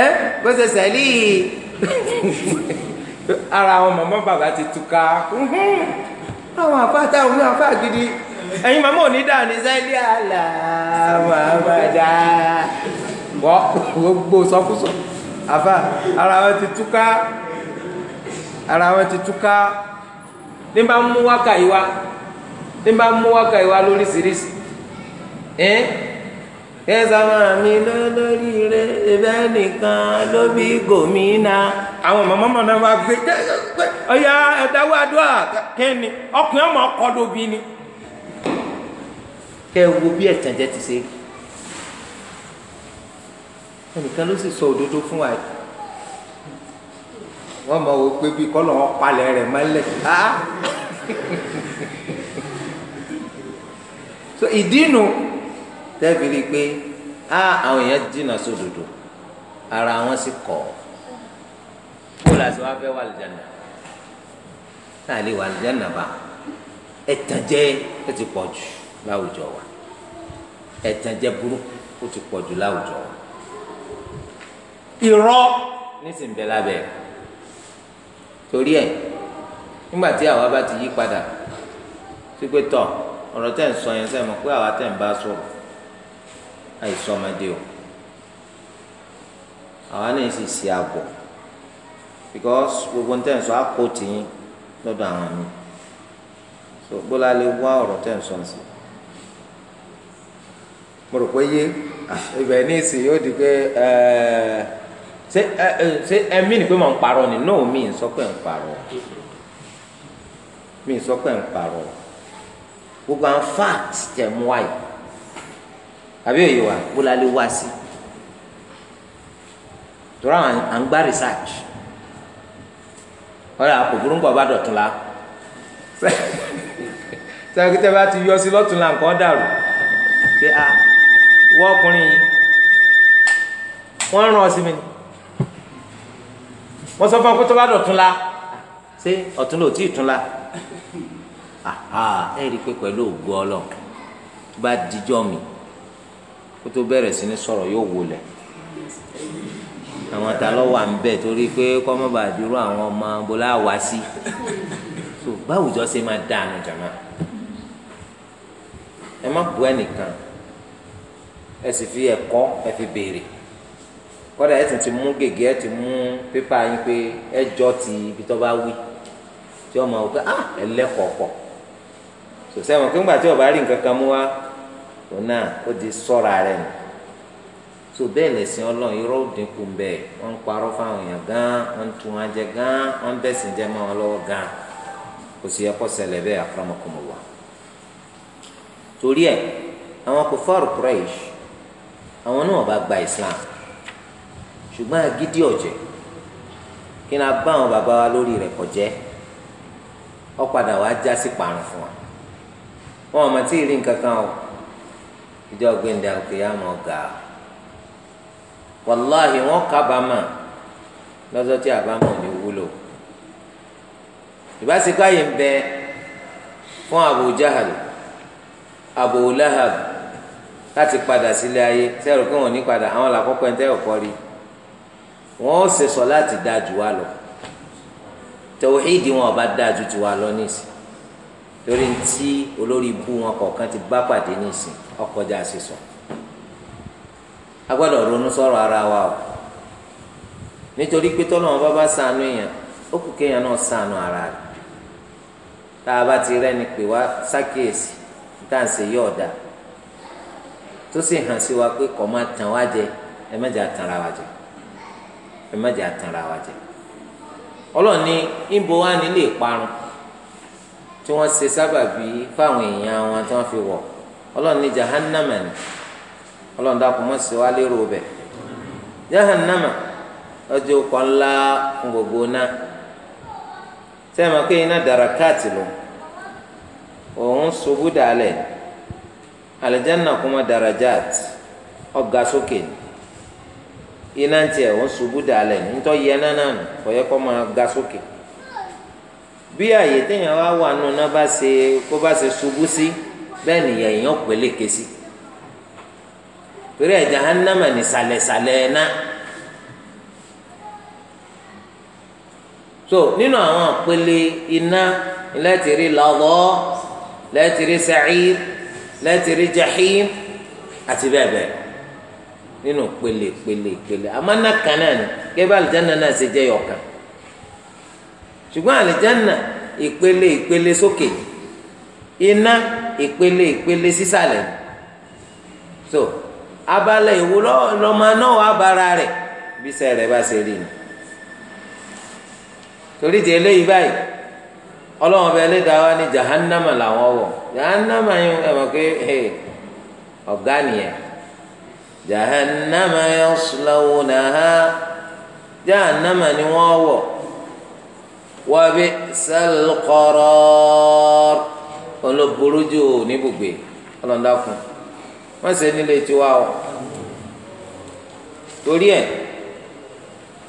ẹ́ bó ṣe ara àwọn màmá bàbá ti túká àwọn àpáta òun náà fà gidi ẹ̀yin màmá ò ní dà ní sẹ́lí àlà màmàdà wọ́ gbogbo sọkúsọ àfà ara wọn ti túká ara wọn ti túká ní bá mú wákàyí wa ní bá mú wákàyí wa lóríṣiríṣi ẹ́. Eh? ẹ̀sàmà mi lórí rẹ̀ ẹ̀bẹ́ nìkan ló bí gómìnà. àwọn màmá màmá máa gbé ọ̀yà ẹ̀dáwó àdúrà kẹ́ni ọkùnrin ọmọ ọkọ̀dọ̀ òbí ni. kẹ́ ẹ wo bí ẹ̀tàn jẹ́ ti ṣe. ẹnìkan ló sì sọ òdodo fún wa yìí. wọ́n mọ̀ pé bí kọ́lọ̀ wọn palẹ̀ rẹ̀ mọ́lẹ̀ ah! so ìdí nu tẹ́ẹ̀fì rí i pé á àwọn èèyàn jìnnà sódodo ara wọn sì kọ̀ kó làásì wá fẹ́ wà lìjànà náà lè wà lìjànà bá ẹ̀tànjẹ ẹ ti pọ̀ jù láwùjọ wa ẹ̀tànjẹ burúkú ó ti pọ̀ jù láwùjọ wa irọ́ nísìnyí bẹ́ẹ̀ lábẹ́ rẹ̀ torí ẹ̀ nígbà tí àwa bá ti yí padà sí pé tọ̀ ọ̀rọ̀ tẹ̀ ń sọ yẹn sẹ́yìn mọ̀ pé àwa tẹ̀ ń bá sọ̀rọ̀ àìsọmọdé o àwa náà sì ṣe àbọ̀ because gbogbo ntẹ̀ nsọ àkó tìyín lọ́dọ̀ àwọn mi so gbọ́dọ̀ lè wá ọ̀rọ̀ tẹ̀ nsọ nsọ mo rò pé yé ah, ibẹ̀ ní ìsìn yóò di pé eh, ṣé eh, eh, ṣé ẹ̀mí ni pé mo ń parọ́ ni no mi ń sọ pé ń parọ́ mi ń sọ pé ń parọ́ gbogbo àwọn facts tẹ̀ mú wáyé àbí òye wa bó la lè wá sí tora à ń gba research ọ̀rẹ́ àkókòrò ń bọ̀ bá dọ̀tún la sẹ́kítẹ́ bá ti yọ sí lọ́tún la nǹkan dàrú pé a ah, wọ́n ọkùnrin yìí wọ́n ń ràn ọ́ sí mi wọ́n sọ fún ọ pé tó bá dọ̀tún la ṣé ọ̀tún ló tí ì tún la ẹ rí i pé pẹ̀lú ògo ọlọ́run bá dijọ́ mi kó tó bẹ̀rẹ̀ sí ní sọ̀rọ̀ yóò wọlé àwọn ta lọ wà ń bẹ torí pé kọ́mọ́bà dúró àwọn ọmọ bọ́lá wá sí so báwùjọ ṣe máa dá àná jàmá ẹ má bu ẹnìkan ẹ sì fi ẹ̀kọ́ ẹ fi béèrè kọ́dà ẹ sì ti mú gègé ẹ ti mú pépà yín pé ẹ jọ ti ibi tó bá wí tí ọmọ wò ah ẹ lẹ́kọ̀ọ́ pọ̀ sòsẹ́ wọn pé ńgbà tí ọba rí nǹkan kan mú wá òun náà ó di sọ́ra rẹ̀ nù so bẹ́ẹ̀ lẹ̀sìn ọlọ́run irọ́ òdínkù bẹ́ẹ̀ wọ́n ń parọ́ fáwọn èèyàn gan wọ́n ń tún wọn gan wọ́n ń bẹ̀sìn jẹ́ mọ́ wọn lọ́wọ́ gan kò sí ẹ̀kọ́ ṣẹlẹ̀ bẹ́ẹ̀ àfọmọkùnmọ̀wá torí ẹ̀ àwọn kòfàrù Quraysh àwọn náà bá gba Islam ṣùgbọ́n agídí ọ̀jẹ̀ kí ni a bá àwọn bàbá wa lórí rẹ̀ kọjẹ́ ọ padà wá já sí parun fún wa wọn ò mọ̀ tí ì ìjọ gbẹ̀ndà òkè yà mọ̀ gà wàláhì wọn kábàámà lọ́jọ́ tí àbámọ̀ ní wúlò ìbáṣepá yìí ń bẹ fún Abu Jahal Abu Lahab láti padà sílé ayé sẹ́rù pé wọ́n ní padà àwọn làkọ́kọ́ ẹni tẹ́ ọ̀kọ́ rí wọ́n ó ṣe sọ láti dáa jù wá lọ tẹ̀wéhídì wọn ọba dáa jù jù wá lọ nísìn lórí ntí olórí ibú wọn kọ̀ọ̀kan ti bá pàdé nísìn ọkọjá sísọ a gbọ́dọ̀ ronú sọ̀rọ̀ ara wa o nítorí pé tọ́lọ́wọ́n ọba bá sànú èèyàn ó kù kéèyàn náà sànú ara rẹ̀ tá a bá ti rẹ́ni pè wá sákèésì tá à ń ṣe yí ọ̀dà tó sì hàn sí wa pé kọ́ máa tàn wá jẹ ẹ má jẹ́ àtànra wa jẹ ẹ má jẹ́ àtànra wa jẹ ọlọ́ọ̀ni ìbò wa nílé ìparun tí wọ́n ṣe sábàbí fáwọn èèyàn wọn tí wọ́n fi wọ̀ ọ́. ọlọ́run ní jahannama ni ọlọ́run dákun mọ́ sí wa lérò bẹ̀ jahannama ọjọ́ kọ́ ńlá fún gbogbo náà sẹ́mi pé iná dàrákàtì lò òun ṣubú kuma dàrájàt ọ̀gá sókè iná tiẹ̀ òun ṣubú dàlẹ̀ ńtọ́ yẹ nù sókè bí àyè téèyàn wá wà nù náà bá ṣe kó bá ṣe ṣubú sí. Si, bẹ́ẹ̀ nìyẹn èèyàn pèlè kesi torí ẹ̀ jahannama ní sàlẹ̀sàlẹ̀ ẹ̀ so nínú àwọn àpèlè iná lẹ́tìrí lọ́wọ́ lẹ́tìrí sa'ir lẹ́tìrí jahim àti bẹ́ẹ̀ bẹ́ẹ̀ nínú pèlè pèlè pèlè amánà kan náà ni gẹ́gẹ́ alìjánná náà ṣe jẹ́ yọ̀ọ̀kan ṣùgbọ́n alìjánná ìpele ìpele sókè iná. So, ìpele ìpele sísàlẹ̀ so abala èwo lọ́mọ náà abara rẹ̀ bí sẹ́ rẹ̀ bá ṣe rí ni torí di eléyìí báyìí ọlọ́wọ́n bẹ ẹlẹ́dàá wa ní jahannama làwọn wọ̀ jahannama yín ẹ mọ̀ pé ọ̀gá nìyẹn jahannama yaslawnaha jahannama ni wọ́n wọ̀ wa bi'sal qarar ọlọ́burú jù ò ní bùgbé ọlọ́dàkùn wọ́n ṣe nílé tiwa o torí ẹ̀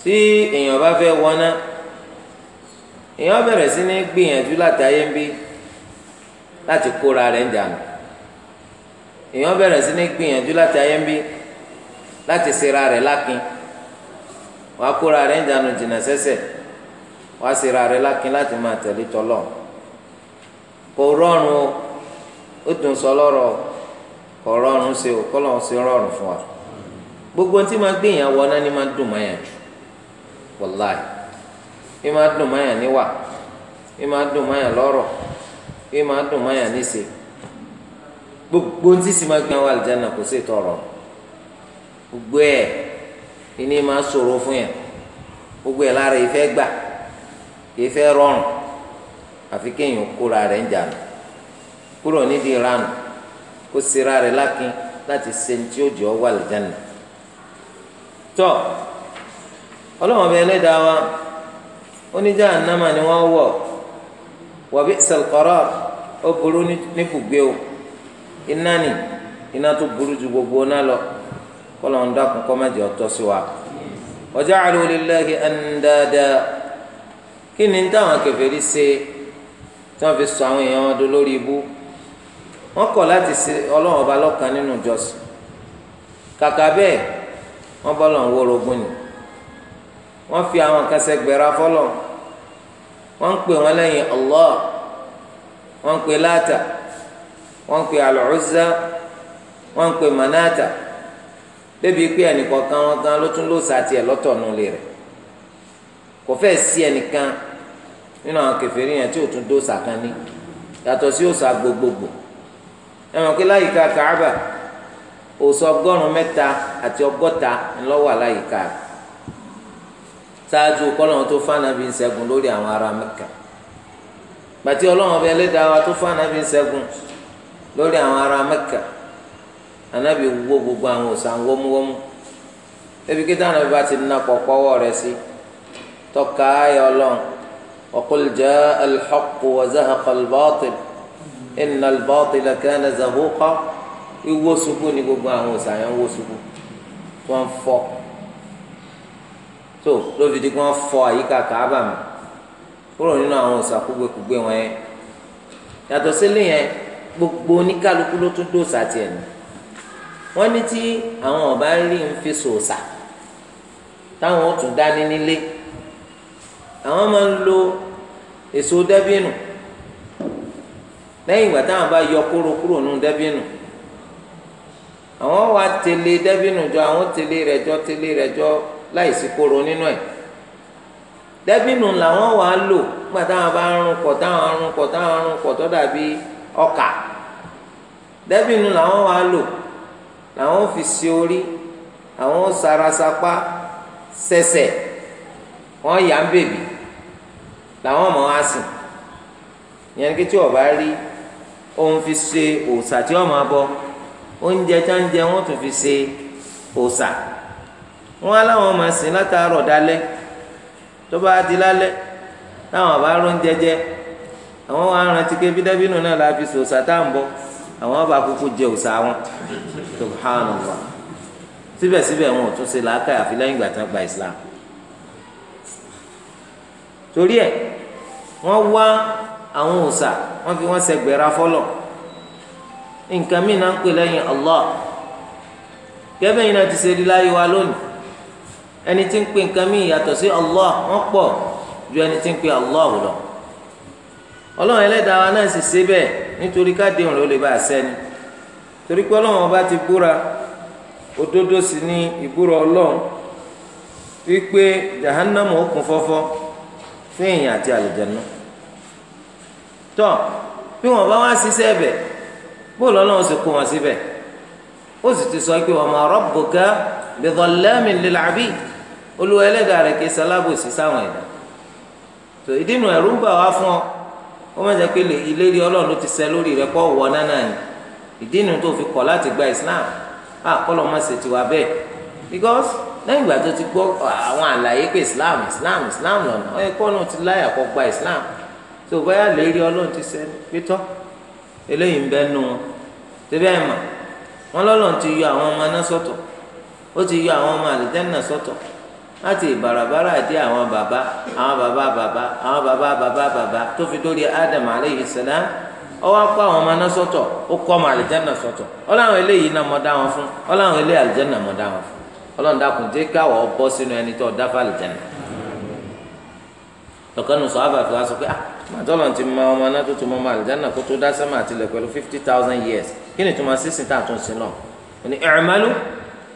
tí èèyàn bá fẹ́ wọná èèyàn bẹ̀rẹ̀ sí ní gbìyànjú láti ayé ń bí láti kóra rẹ̀ ń dànù èèyàn bẹ̀rẹ̀ sí ní gbìyànjú láti ayé ń bí láti sera rẹ̀ lákin wàá kóra rẹ̀ ń dànù jìnnà sẹ́sẹ̀ wàá sera rẹ̀ lákin láti máa tẹ̀lé tọ́lọ́ọ̀. kò ọrụ otu nsọ lọrọ ṣe o ṣe rọrùn fún gbogbo tí máa gbé wọ náà ni ma dùn máyà ịmadụ wàláì ẹ máa dùn máyà níwà ẹ máa dùn gbogbo tí sì gbé yẹn wọ àlìjáná kò sí gbogbo fún yẹn gbogbo lára àfi kéèyàn kóra rẹ̀ ń jànú kúrò nídìí ìranù kó sera rẹ̀ lákin láti ṣe ní tí ó jọ wà lẹ́jànà tọ́ ọlọ́wọ́n bẹ ẹlẹ́dàá wa oníjà ànámà ni wọ́n wọ̀ wàbí sẹlkọ́rọ́ ó burú níbùgbé o iná ni iná tó burú ju gbogbo náà lọ kọ́lọ̀ dákun kọ́ má jẹ́ ọ̀tọ́ sí wa waja'alu lillahi andada kí ni táwọn kèfèrí ṣe. tí wọ́n fi sọ àwọn èèyàn wọn do lórí ibú wọ́n láti ṣe ọlọ́run ọba lọ́kan nínú ìjọsìn kàkà wọ́n bọ́ lọ́n wórogún ni wọ́n fi àwọn kan sẹ́gbẹ̀rẹ́ afọ́lọ́ wọ́n ń pè wọn lẹ́yìn Allah wọ́n ń pè ń pè ń pè bébí pé wọn gan ló tún nulẹ̀ nínú àwọn kèfèrí yẹn tí ò tún dó sàkán ní yàtọ̀ sí òòṣà gbogbogbò ẹ mọ̀ pé láyìíká Káàbà òòṣà ọgọ́rùn mẹ́ta àti ọgọ́ta ńlọ́wọ́ àláyìíká rẹ̀ ṣáájú kọ́lọ́run tó ń lórí àwọn ará ẹlẹ́dàá tó ń lórí àwọn ará anabi gbogbo àwọn ebi kí táwọn ọba ti rẹ̀ sí وقل جاء الحق وزهق الباطل إن الباطل كان زهوقا ìwó ṣubú ni gbogbo àwọn òsàyàn wó ṣubú wọ́n fọ́ tó lóbi di wọ́n fọ́ àyíká kàábà mi kúrò nínú àwọn òsàkúgbèkúgbè wọn yẹn yàtọ̀ sílé yẹn gbogbo oníkálukú ló tún dòòsà tiẹ̀ ni wọ́n ní tí àwọn ọba rí ń fi sòòsà táwọn ó tún dání nílé àwọn máa ń lo èso dẹ́bínù lẹ́yìn ìgbà táwọn bá yọ kóró kúrò nù dẹ́bínù àwọn wa tẹ̀lé dẹ́bínù jọ àwọn tẹ̀lé rẹ̀ jọ tẹ̀lé rẹ̀ jọ láìsí kóró nínú ẹ̀ dẹ́bínù làwọn wà á lò nígbà táwọn bá ń rún pọ̀ táwọn arún pọ̀ táwọn arún tó dàbí ọkà dẹ́bìnú làwọn wàá lò làwọn fi si orí àwọn sarasapá sẹsẹ wọn yà ń bèbí làwọn ọmọ wa sìn ìyẹn kí tí ọba rí òun fi ṣe òòṣà tí ọmọ abọ oúnjẹ tí wọn jẹ wọn tún fi ṣe òòṣà wọn aláwọn ọmọ sìn látàárọ̀ dalẹ́ tó bá di lálẹ́ táwọn ọba rún jẹjẹ àwọn wa rántí pé bídẹ́bínú náà la fi ṣe òòṣà tá à ń bọ àwọn ọba kúkú jẹ òòṣà wọn subhanallah síbẹ̀síbẹ̀ wọn ò tún ṣe làákàyà àfi lẹ́yìn ìgbà tí wọ́n gba Islam torí ẹ̀ wọ́n wá àwọn ọ̀sà wọ́n fi wọ́n ṣẹgbẹ̀ra fọlọ̀ nǹkan mìíràn náà ń lẹ́yìn Allah gẹ́gẹ́ yìí náà ti ṣe lónìí ẹni tí ń pè nǹkan mìíràn yàtọ̀ sí Allah wọ́n pọ̀ ju ẹni tí ń pè Allah lọ ọlọ́run ẹlẹ́dàá náà sì ṣe bẹ́ẹ̀ a sẹ́ni torí pé ọba ti búra òdodo sì ni ìbúra ọlọ́run wípé fún èèyàn àti àlùjànnú tọ bí wọn bá wá ṣiṣẹ́ ẹ̀bẹ̀ bó lọ́lọ́run sì kó wọn síbẹ̀ ó sì ti sọ pé wa ma rabbuka bi dhallamin lil abid olúwa ẹlẹ́dàá rẹ̀ kì í ṣalábòsí sáwọn ẹ̀dá tó ìdínú ẹ̀rú ń bà wá fún ọ ó má jẹ́ pé ìlérí ọlọ́run ló ti ṣẹ lórí rẹ̀ kọ́ wọ náà ni ìdínú tó fi kọ̀ láti gba Islam àkọlọ́ má ṣe tiwa bẹ́ẹ̀ because lẹ́yìn ìgbà tó ti gbọ́ àwọn àlàyé pé islam islam islam lọ́nà ọ̀ ẹ̀kọ́ náà ti láyà kọ́ gba islam tó báyà lérí ọlọ́run ti sẹ́ pétọ́ eléyìí ń bẹ́ nu wọn tẹ́bí ẹ̀ mà wọn lọ́lọ́run ti yọ àwọn ọmọ náà sọ́tọ̀ ó ti yọ àwọn ọmọ àlùjànnà sọ́tọ̀ láti ìbàràbàrà àti àwọn bàbá àwọn bàbá bàbá àwọn bàbá bàbá bàbá tó fi dórí adam aleyhi salam ọwọ́ akọ àwọn ọmọ náà sọ́tọ̀ ó kọ́ ọmọ àlùjànnà sọ́tọ̀ ọlọ́run eléyìí náà mọ̀ dá wọn fún ọlọ́run eléyìí àlùjànnà mọ̀ dá wọn fún ọlọ́run dákun jẹ́ káwọ́ bọ́ sínú ẹni tó dá fàlì jẹ́nà tọkànnù sọ àbàfẹ́ wa sọ pé ah màtọ́lọ̀ ti mọ ọmọ náà tó ti mọ ọmọ àlìjáná kó tó dá sẹ́mà àtìlẹ̀ pẹ̀lú fifty thousand years kí ni tuma sísìn tá a tún sí lọ ní i'malu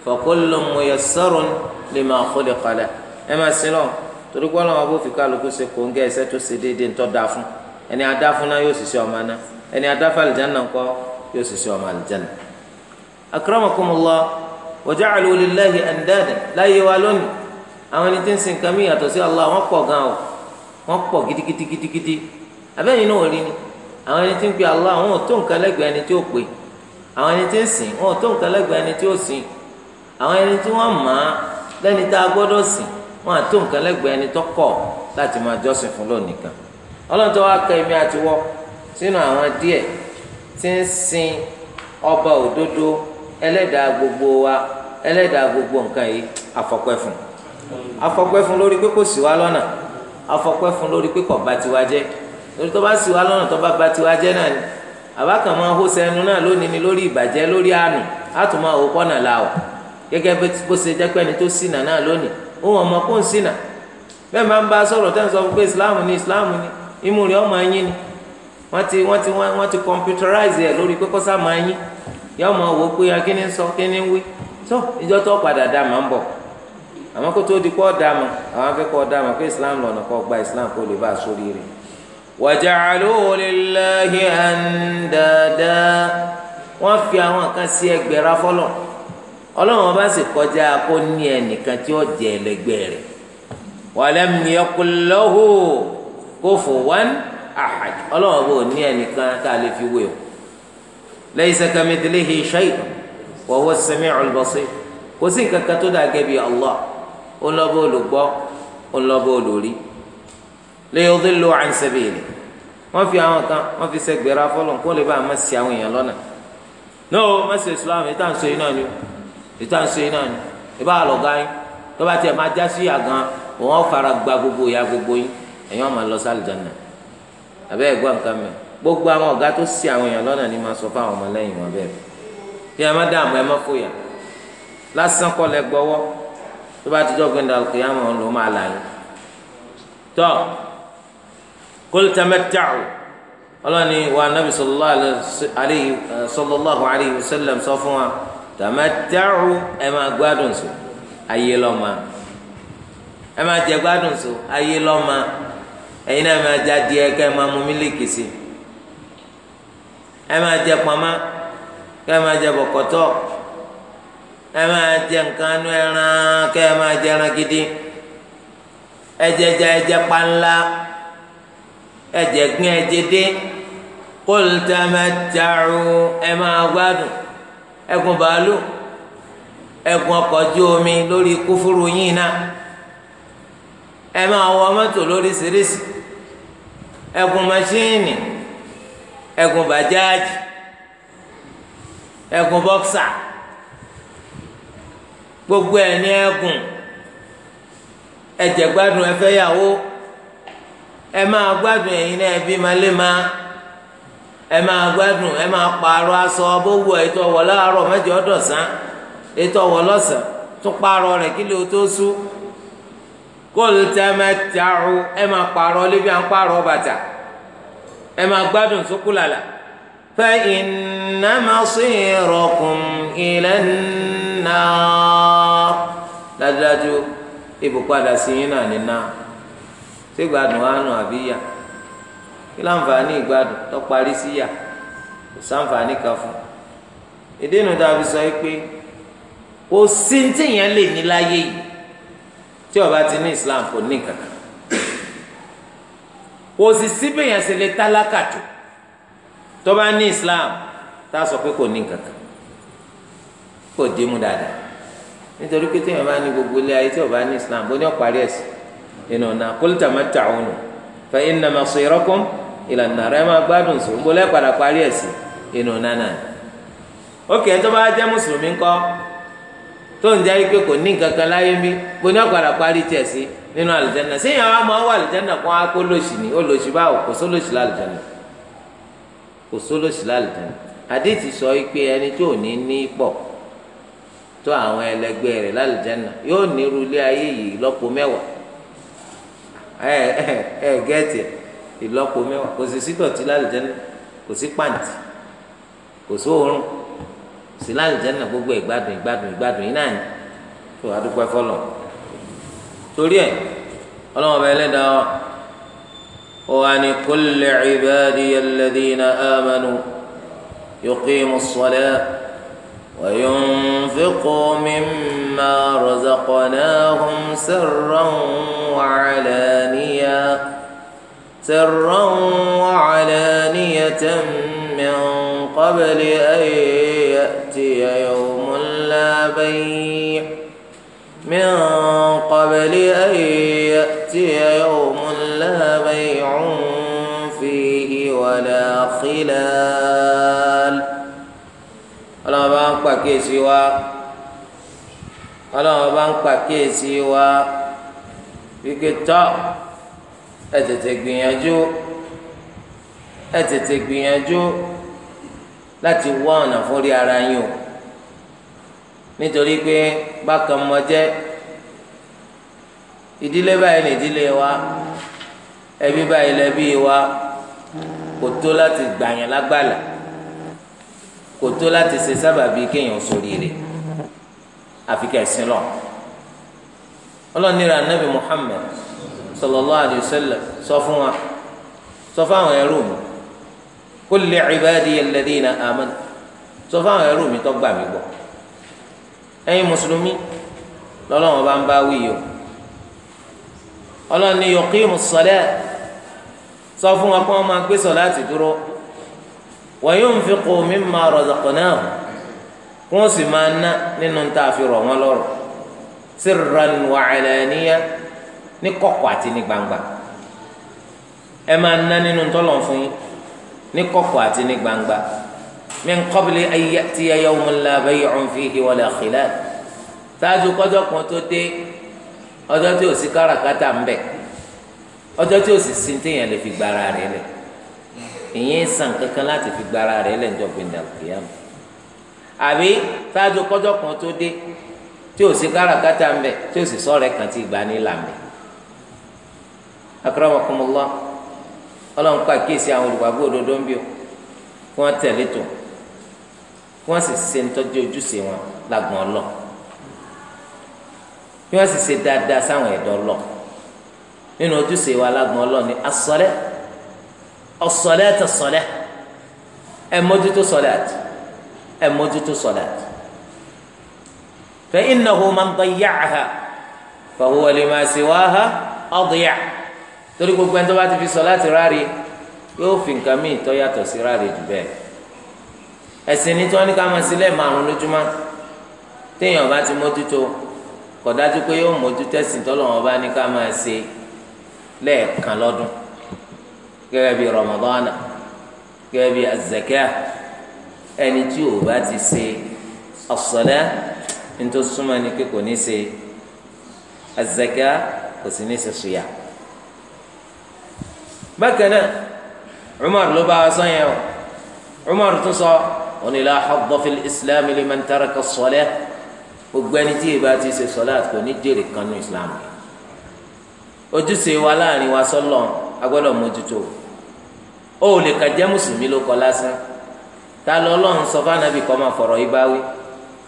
fa kullun muyassarun lima khuliqa lahu ẹ máa sí lọ torí pé ọlọ́run abó fi kálukú ṣe kó ń gẹ́ ẹsẹ́ tó ṣe déédéé ń da fún ẹni adá fún náà yóò sì ọmọ náà ẹni adá fún àlìjáná ńkọ́ yóò sì ọmọ àlìjáná. akramakumullah wa ja'alu lillahi andadan láyé wa lónìí àwọn ẹni tí ń sin nǹkan mí yàtọ̀ sí Allah wọ́n pọ̀ gan o wọ́n pọ̀ gidigidi gidigidi abẹ́yìn náà rí ni àwọn ẹni tí ń pe Allah wọn ò tó nǹkan lẹ́gbẹ̀ẹ́ ẹni tí ó pè àwọn ẹni tí ń sìn wọn ò tó nǹkan lẹ́gbẹ̀ẹ́ ẹni tí ó sìn àwọn ẹni tí wọ́n mọ̀ á lẹ́ni tá a gbọ́dọ̀ sìn wọn àtó nǹkan lẹ́gbẹ̀ẹ́ ẹni tó kọ̀ láti máa jọ́sìn fún lónìí ẹlẹ́dàá gbogbo wa ẹlẹ́dàá gbogbo nǹkan yìí afọpẹ́ fún afọpẹ́ fún lórí pé kò ṣì wá lọ́nà siwa lona lórí pé kò bà tiwa jẹ́ lórí tó bá ṣì wá lọ́nà tó bá tiwa jẹ́ náà ni àbákan máa hó náà lónìí ni lórí ìbàjẹ́ lórí àánú àtúmọ̀ la ọ̀ gẹ́gẹ́ bó ṣe jẹ́ pẹ́ni tó ṣìnà náà lónìí kó ń bẹ́ẹ̀ máa islam ni ni imú rẹ̀ yọọ mọ wò ó pé akíní sọ kíní wí tó ìjọ tó padà dá màá ń bọ̀ àmọ́ kó tó di kó dá mọ àwọn akẹ́kọ̀ọ́ dá mọ pé islam lọ́nà kó gba islam kó lè bá a sórí rẹ̀. waja'alu lillahi andada wọ́n fi àwọn kan sí ẹgbẹ̀rún afọ́lọ́ ọlọ́run ọba sì kọjá kó ní ẹnìkan tí ó jẹ ẹlẹgbẹ́ rẹ̀ walam yakul lahu kufuwan ahad ọlọ́run ní ẹnìkan tá a lè fi wé laysa kamithlihi shay'un wa huwa as-sami'ul basir kò sí nǹkan kan tó dà gẹ́gẹ́ bí Allah ńlọbọ olùgbọ́ ńlọbọ olórí li yudillu an sabili wọ́n fi àwọn kan wọ́n fi sẹ́gbẹ̀rẹ́ afọlọ́ kó lè bá a má ṣì àwọn èèyàn lọ́nà náà má ṣe Islam ìta ń sọ yín náà ni ìta ń sọ náà ni ìbá àlọ́gá yín tó bá tiẹ̀ máa já sí àgàn òun fara gba gbogbo ìyá gbogbo yín ẹ̀yin ọmọ lọ sí àlùjánnà àbẹ́ ẹ̀gbọ́n nǹkan mẹ́rin gbogbo àwọn ọ̀gá tó ṣì àwọn èèyàn lọ́nà ni máa sọ fún àwọn ọmọlẹ́yìn wọn bẹ́ẹ̀ kí ẹ má dààmú ẹ má fòyà lásán kọ́ lẹ gbọ́wọ́ tó bá ti jọ́ gbẹ̀ndà kìyàmọ̀ ọ̀hún ló máa là yín tọ́ kólítámẹ́tàù ọlọ́ni wa nabi sallallahu alayhi wa sallam sọ fún wa tàmẹ́tàù ẹ máa gbádùn sùn ayé lọ́mọ ẹ máa jẹ gbádùn sùn ayé lọ́mọ ẹ̀yin náà máa jáde ẹ ká ẹ máa mú mílíkì sí i ẹ máa jẹ pamá kẹ máa jẹ bọ̀kọ̀tọ̀ ẹ máa jẹ nǹkan nú ẹran kẹ máa jẹ ẹran gidi ẹjẹjẹ ẹjẹ panla ẹjẹ gbin ẹjẹ dé kólítàmẹtàrú ẹ máa gbádùn ẹgùn bàálù ẹgùn ọkọ̀ ojú omi lórí kúfúrú yìí náà ẹ máa wọ mọ́tò lóríṣiríṣi ẹgùn mọ́ṣíìnì. ẹgùn bàjáàjì ẹgùn bọ́ksà gbogbo ẹ̀ ní ẹgùn ẹ̀jẹ̀ gbádùn ẹ yàwó ẹ máa gbádùn ẹ̀yin náà ẹbí máa ẹ máa gbádùn ẹ máa pààrọ̀ aṣọ bówó ètò ọ̀wọ̀ láàárọ̀ mẹ́jọ dọ̀sán ètò ọ̀wọ̀ lọ́sàn tún pààrọ̀ rẹ̀ kí lè o tó sú ẹ máa gbádùn sókú làlà. فإن مصيركم إلى النار dájúdájú ibùpadà sí yín náà nínà gbádùn wa nù àbí kí láǹfààní ìgbádùn tó parí sí yà kò sáǹfààní kan fún ìdí inú dàbí sọ pé kò sí tíyẹn lè ní láyé yìí tí ti ní Islam kò ní kò sì síbẹ̀ yẹn sì lè tálákà tó tó bá ní islam tá a sọ pé kò ní kankan kò dé mú dáadáa nítorí pé téèyàn bá ní gbogbo ilé ayé tí ò bá ní islam bó ní ọ̀parí ẹ̀sìn inú ọ̀nà qul tamatta'u fa inna masirakum ila an-nar ẹ máa gbádùn sùn ń bolẹ́ padà parí ẹ̀sìn inú ọ̀nà náà ókè tó bá jẹ́ mùsùlùmí ńkọ́ tó ń jẹ́ pé kò ní kankan láyé mi bó ní ọ̀padà parí tiẹ̀ sí nínú àlùjáná sẹ́yìn àwọn ọmọ wà àlùjáná kó wá kó lòsì ní ó lòsì báwò kò sólòsì lálùjáná kò sólòsì lálùjáná àdéhìtì sọ pé ẹni tí ò ní ní pọ̀ tó àwọn ẹlẹgbẹ́ rẹ̀ lálùjáná yóò ní irú ilé ayé yìí lọ́pọ̀ mẹ́wàá ẹ ẹ ẹ gẹ́tì ìlọ́po mẹ́wàá kò sì sí dọ̀tí lálùjáná kò sí pàǹtì kò sí òórùn sí lálùjáná gbogbo ìgbádùn ìgbádùn ìgbádùn yìí náà ni tó a dúpẹ́ fọlọ́ọ̀. torí ẹ ọlọ́run ọba ẹlẹ́dàá wa ó wà ní kulli ibadiya alladhina amanu yuqimu as-salata wa yunfiqu mimma razaqnahum sirran wa alaniya sirran wa alaniyatan min qabli an ya'tiya yawmun la bay'. من قبل أن يأتي يوم لا بيع فيه ولا خلال ọlọ́run bá ń pàkíyèsí wa ọlọ́run bá ń pàkíyèsí wa wíkẹ́ tọ́ ẹ tètè gbìyànjú ẹ tètè gbìyànjú láti wá ọ̀nà fún rí ara yín o nítorí pé bákan mọ jẹ́ ìdílé báyìí ní ìdílé wa ẹbí báyìí lẹbí wa kò tó láti gbàyàn lágbàlà kò tó láti ṣe sábàbí kéèyàn sórí rẹ̀ àfi kẹsìn lọ ọlọ́nira anabi Muhammad sallallahu alayhi wa sallam sọ fún wa sọ fún àwọn ẹrú mi kó lè ibadiya alladhina amanu sọ fún ẹrú mi tó gbà mí gbọ́ ẹ̀yin mùsùlùmí lọ́lọ́run bá ń bá wí yìí o ọlọ́run ní yuqimu ssalat sọ fún wọn pé wọ́n máa gbé sọ̀láàtì dúró wa yunfiqu mimma razaqnahum kó wọ́n sì máa ná nínú tá a fi rọ̀ wọ́n lọ́rọ̀ sirran wa ní kọ̀kọ̀ àti ní gbangba ẹ máa ná nínú tọ́lọ̀ fún yín ní kọ̀kọ̀ àti ní gbangba min qabli an ya'tiya yawmun la bay'un fihi wala khilal ṣáájú kọjọ́ kan tó dé ọjọ́ tí ò sí káràkátà ń bẹ ọjọ́ tí ò sì sí téèyàn lè fi gbára rẹ̀ lẹ̀ ìyẹn sàn kankan láti fi gbára rẹ̀ lẹ̀ ńjọ́ gbẹ̀ndà kìyàmù àbí ṣáájú kọjọ́ kan tó dé tí ò sí káràkátà ń bẹ tí ò sì sọ̀rọ̀ kan tí ìgbà ní làmì akramakumullah ọlọ́run pàkíyèsí àwọn olùgbàgbọ́ òdodo ń bí o kí wọ́n kí wọ́n sì ṣe ńtọ́jú ojúṣe wọn lágbọ́n ọlọ́ kí wọ́n sì ṣe dáadáa sáwọn ẹ̀dọ́ ọlọ́ nínú ojúṣe wa lágbọ́n ọlọ́ ni asọ́lẹ́ ọ̀sọ́lẹ́ tẹ̀sọ́lẹ́ ẹ̀ mójútó sọ́lẹ́ àti ẹ̀ sọ́lẹ́ àti فإنه من ضيعها فهو لما سواها أضيع torí gbogbo ẹni tó bá ti fi sọ láti ráre yóò fi nǹkan míì tó yàtọ̀ sí ráre jù bẹ́ẹ̀ ẹ̀sìn ní tí wọ́n ní ká máa sílẹ̀ márùn lójúmọ́ téèyàn bá ti mójútó kò dájú pé yóò mójútó ẹ̀sìn tọ́lọ́wọ́n bá ní ká máa ṣe lẹ́ẹ̀kan lọ́dún gẹ́gẹ́ bí Ramadana gẹ́gẹ́ bí azẹ́kẹ́à ẹni tí ò bá ti ṣe as-salat ni pé kò ní ṣe azẹ́kẹ́à kò sì ní ṣe ṣùyà. bákan náà Umar ló bá wa sọ yẹn o Umar tún sọ. So, wọn ni la hadda fil islam liman taraka as-salah gbogbo ẹni tí ìbá ti ṣe sọlá kò ní jèrè kan ní islam ojúṣe wa láàrin wa sọlọ agbọ́dọ̀ mójútó o ò lè ka jẹ́ mùsùlùmí ló kọ lásán ta lọ lọ́run sọ fún anabi kọ́ máa fọ̀rọ̀ ibáwí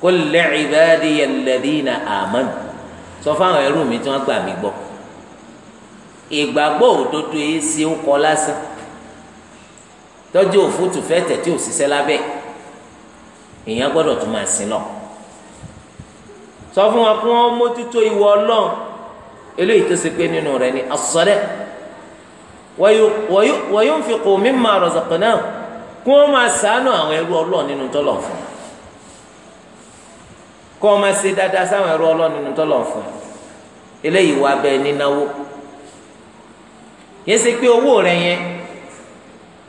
kul li ibadiya alladhina amanu sọ mi tí wọ́n gbà mí gbọ́ ìgbàgbọ́ òdodo yìí ṣe ń kọ lásán tọ́jú òfútù fẹ́ tẹ̀ tí lábẹ́ yìí èèyàn gbọdọ tún máa sin lọ sọ fún wa kí wọn mójútó ìwọ eléyìí tó ṣe pé nínú rẹ̀ ni as-salat wa yunfiqu mimma razaqnahum kí wọn máa sàánù àwọn ẹrú Ọlọ́run nínú tọlọ fún wọn máa ṣe dáadáa sáwọn ẹrú nínú fún eléyìí nínáwó yẹn ṣe owó yẹn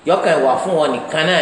yọkàn ìwà fún wọn nìkan náà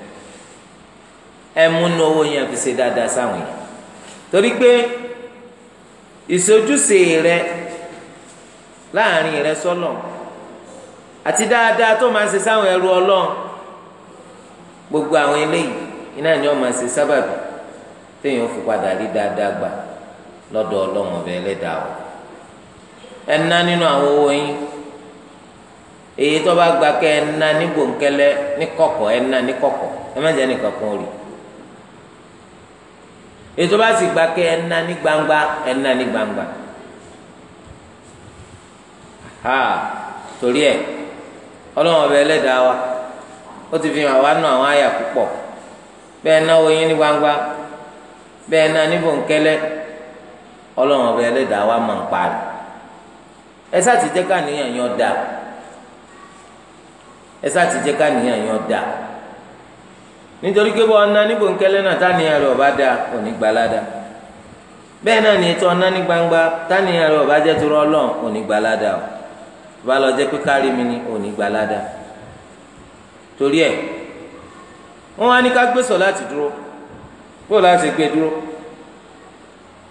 Emunu owó yẹn fi ṣe dáadáa sáwọn yìí torí pé ìṣojúṣe rẹ láàrin rẹ sọlọ àti dáadáa tó máa ń sáwọn ẹrú gbogbo àwọn eléyìí iná ni wọn máa ṣe sábàbí téèyàn fi padà rí dáadáa gbà lọ́dọ̀ Ọlọ́run ọbẹ o nínú àwọn owó yín èyí tó bá gba kẹ ní gbòǹkẹlẹ ní ètò bá sì gba kẹ ẹna ní gbangba ẹna ní gbangba ha torí ẹ ọlọ́wọ́n ọbẹ̀ ẹlẹ́dàá wa ó ti fi hàn wá nù àwọn àyà púpọ̀ bẹ́ẹ̀ náwó yín ní gbangba bẹ́ẹ̀ náà ní bòńkẹ́lẹ́ ọlọ́run ọba ẹlẹ́dàá wa máa ń parí ẹ sáà ti jẹ́ ká níyàn yàn dà ẹ sáà jẹ́ ká níyàn dà. nítorí pé bọ́ ọ̀nà níbo ń náà táníyàn rẹ̀ ọ̀bá dáa òní gbalada bẹ́ẹ̀ náà ní ètò ọ̀nà ní gbangba táníyàn rẹ̀ o bá lọ jẹ́ pé kárí mi ni òní gbalada torí ẹ̀ wọ́n wá ní ká sọ láti dúró bó láti gbé dúró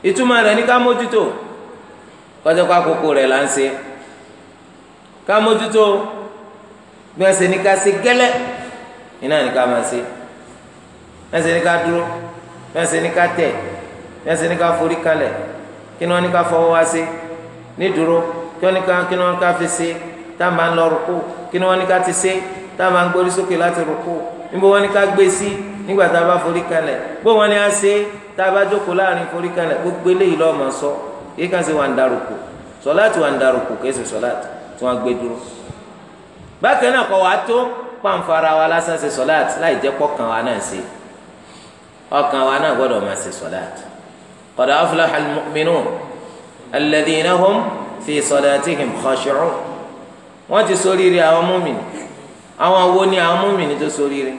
ìtumọ̀ rẹ̀ ní ká mójútó kọjá pa àkókò rẹ̀ là ń se ká mójútó bí wọ́n ṣe ní ká mẹsẹ ní ká dúró mẹsẹ ní ká tẹ mẹsẹ ní ká forí kalẹ̀ kí ni wọn ní ká fọwọ́ wá sí ní dúró kí wọn ní ká kí ni wọn ká fi sí tá a máa ń lọ rúkú kí ni wọn ní ká ti sí tá a máa ń gbórí sókè láti rúkú níbo wọn ní ká gbé sí nígbà tá a bá forí kalẹ̀ bó wọn ní á sí tá a bá jókòó láàrin forí kalẹ̀ gbogbo eléyìí lọ́ọ́ máa sọ kí kan ṣe wà ń darúkú sọláàtì wà ń darúkú kì í ṣe sọláàtì tí wọn gbé dúró bákan náà kọ wàá tó pàǹfààrà wa lásán ṣe sọláàtì láì jẹ́ pọ̀ kan wa náà ṣe ọkàn wa náà gbọ́dọ̀ máa ṣe sọ̀láàt qad aflaha al-mu'minun alladhina hum fi salatihim khashi'un wọ́n ti ṣoríire àwọn mùmínì àwọn wo ni àwọn mùmínì tó ṣoríire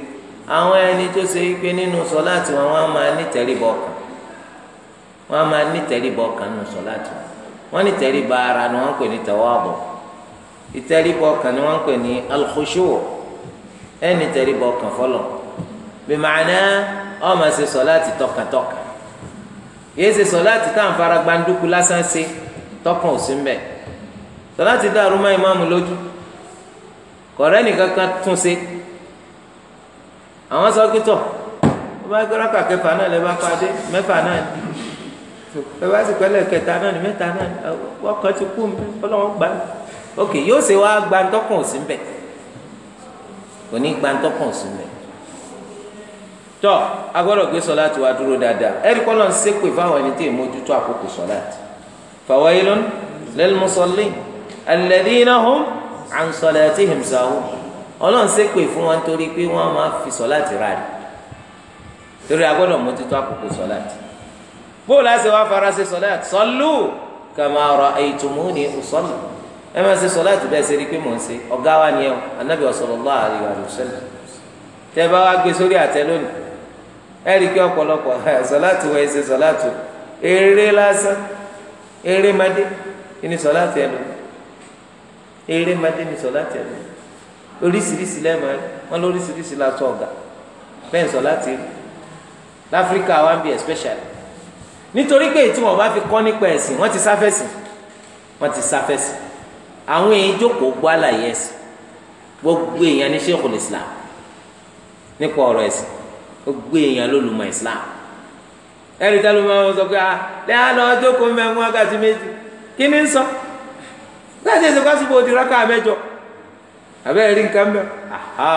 àwọn ẹni tó ṣe pé nínú sọ̀láàt wọn wọ́n máa ní tẹríba ọkàn wọ́n máa ní tẹríba ọkàn nínú sọ̀láàt wọn ní tẹríba ara ni wọ́n pè ní tawadu ìtẹríba ọkàn ni wọ́n pè ní al ẹni tẹríba ọkàn fọlọ bima'na wọn máa ṣe sọláàtì tọkàntọkà yìí ṣe sọláàtì tá à ń fara gbanduku lásán ṣe tọkàn òsì ń bẹ sọláàtì dàrú mọ́ ìmáàmù lójú kọ̀rẹ́ nìkan kan tún ṣe àwọn sọ́kítọ̀ wọ́n bá gbé rákà kẹfà náà lè bá pàdé mẹ́fà náà ni ẹ bá sì pẹ́lẹ̀ kẹta náà ni mẹ́ta náà ni wọ́n kàn ti kú mi ọlọ́wọ́n gbà mí ok yóò ṣe wá gbantọ́kàn òsì ń bẹ òní gbantọ́kàn òsì ń bẹ tọ́ agbọ́dọ̀ gbé sọláàtì wa dúró dáadáa ẹ̀rí kọ́ ló ń ṣépè fáwọn ẹni tí èmójútó àkókò sọláàtì fawailun lil musallin alladhina hum an salatihim sahun ọlọ́run ṣépè fún wọn torí pé wọ́n máa fi sọláàtì rà rí torí agbọ́dọ̀ mójútó àkókò sọláàtì bóòlù àti wàá fara ṣe sọláàtì sallu kama ra'aytumuni usalli ẹ máa ṣe sọláàtì bẹ́ẹ̀ ṣe rí pé mò wa gbé sórí àtẹ lónìí ẹ̀rí kí ọ̀pọ̀lọpọ̀ sọ̀láàtì wọ̀ ẹ̀sẹ̀ sọ̀láàtì eré lásán eré madé ni sọ̀láàtì ẹ̀lò eré madé ni sọ̀láàtì ẹ̀lò oríṣiríṣi lẹ́ẹ̀mọ́ wọn lóríṣiríṣi lásán ọ̀gá bẹ́ẹ̀ sọ̀láàtì rí láfíríkà wa ń bí especially nítorí pé tí wọn bá fi kọ́ nípa ẹ̀sìn wọ́n ti sáfẹ́sì wọ́n ti sáfẹ́sì àwọn èèyàn jókòó gbọ́ àlàyé ẹ̀sìn gbogbo èèyàn ní Sheikhul Islam nípa ọ̀rọ̀ ẹ̀sìn ó gbé èèyàn lólùmọ̀ islam ẹni tẹ́lu máa sọ pé ah lẹ́yìn àná ọjọ́kọ̀ méjì kí ni ń sọ láti kó rákà rí nǹkan aha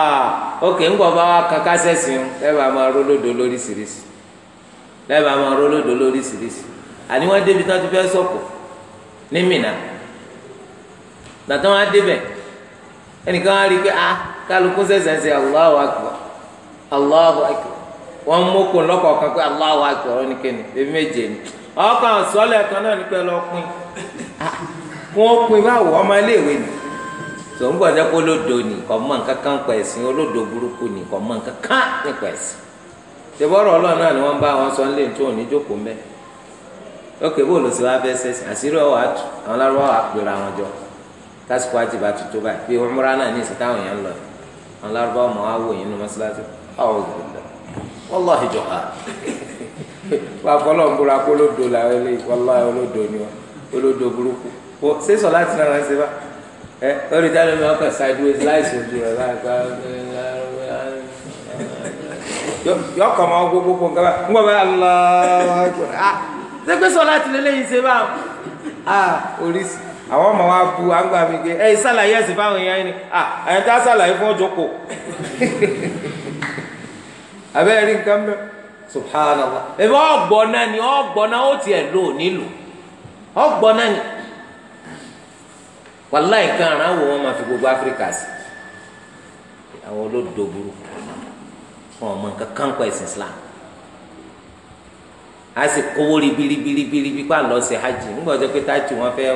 ńgbọ̀n bá wa sẹ́sìn lẹ́bàá máa rólódò lóríṣiríṣi lẹ́bàá máa rólódò lóríṣiríṣi àní wọ́n débi tán ti fẹ́ sọ̀kọ̀ ní wọn á débẹ̀ ẹnìkan á rí i pé ah, kálukú ń sẹ́ wọn mọ́kò lọ́kọ̀ọ̀kan pé Allahu Akbar oníkẹ́ni ebi méje ni ọkàn sọ́lẹ̀ kan náà ní pẹ́ lọ pin ah, wọ́n pin báwo ọmọ iléèwé ni tó ń gbọ́dọ̀ pé ni kò nǹkan kan burúkú ni kò nǹkan kan nípa náà ni wọ́n bá wọn sọ nílé tó ní jókòó mẹ́ ókè bó lọ sí wá fẹ́ sẹ́sìn àṣírí àtù àwọn àpèrè àwọn jọ tuntun báyìí wọ́láhì jọ̀ka wà fọlọ́ nbúra kó lódo la ilé wọ́láhì olódo ni wọ́n olódo burúkú kò sẹ́sọ̀ láti rárá ṣe bá ẹ lórí dáná mi wọ́n kàn ṣáájú ẹ láìsí ojú rẹ̀ láìpẹ́ yọ kàn máa gbogbo kó nǹkan bá ń gbọ́ bẹ́ẹ̀ aláwọ̀ ah sẹ́gbẹ́sọ̀ láti lélẹ́yìn ṣe bá ah oríṣi àwọn ọmọ wa bu àgbà mi gbé ẹ ṣàlàyé ẹ̀sìn fáwọn èèyàn yẹn ni ah àyẹ̀tá ṣàlàyé fún ọjọ́ kò. abe rí nǹkan bẹ́ẹ̀ subhanallah ebe ọgbọ náà ni ọgbọ náà ó tiẹ̀ lò gbọna ọgbọ náà ni wàláì kan ara wo wọn máa fi gbogbo áfíríkà sí àwọn olódò burúkú wọn ò mọ nǹkan kan pa islam a sì kówó ribiribiribiri lọ sí hajj nígbà tó pé táìtù wọn fẹ́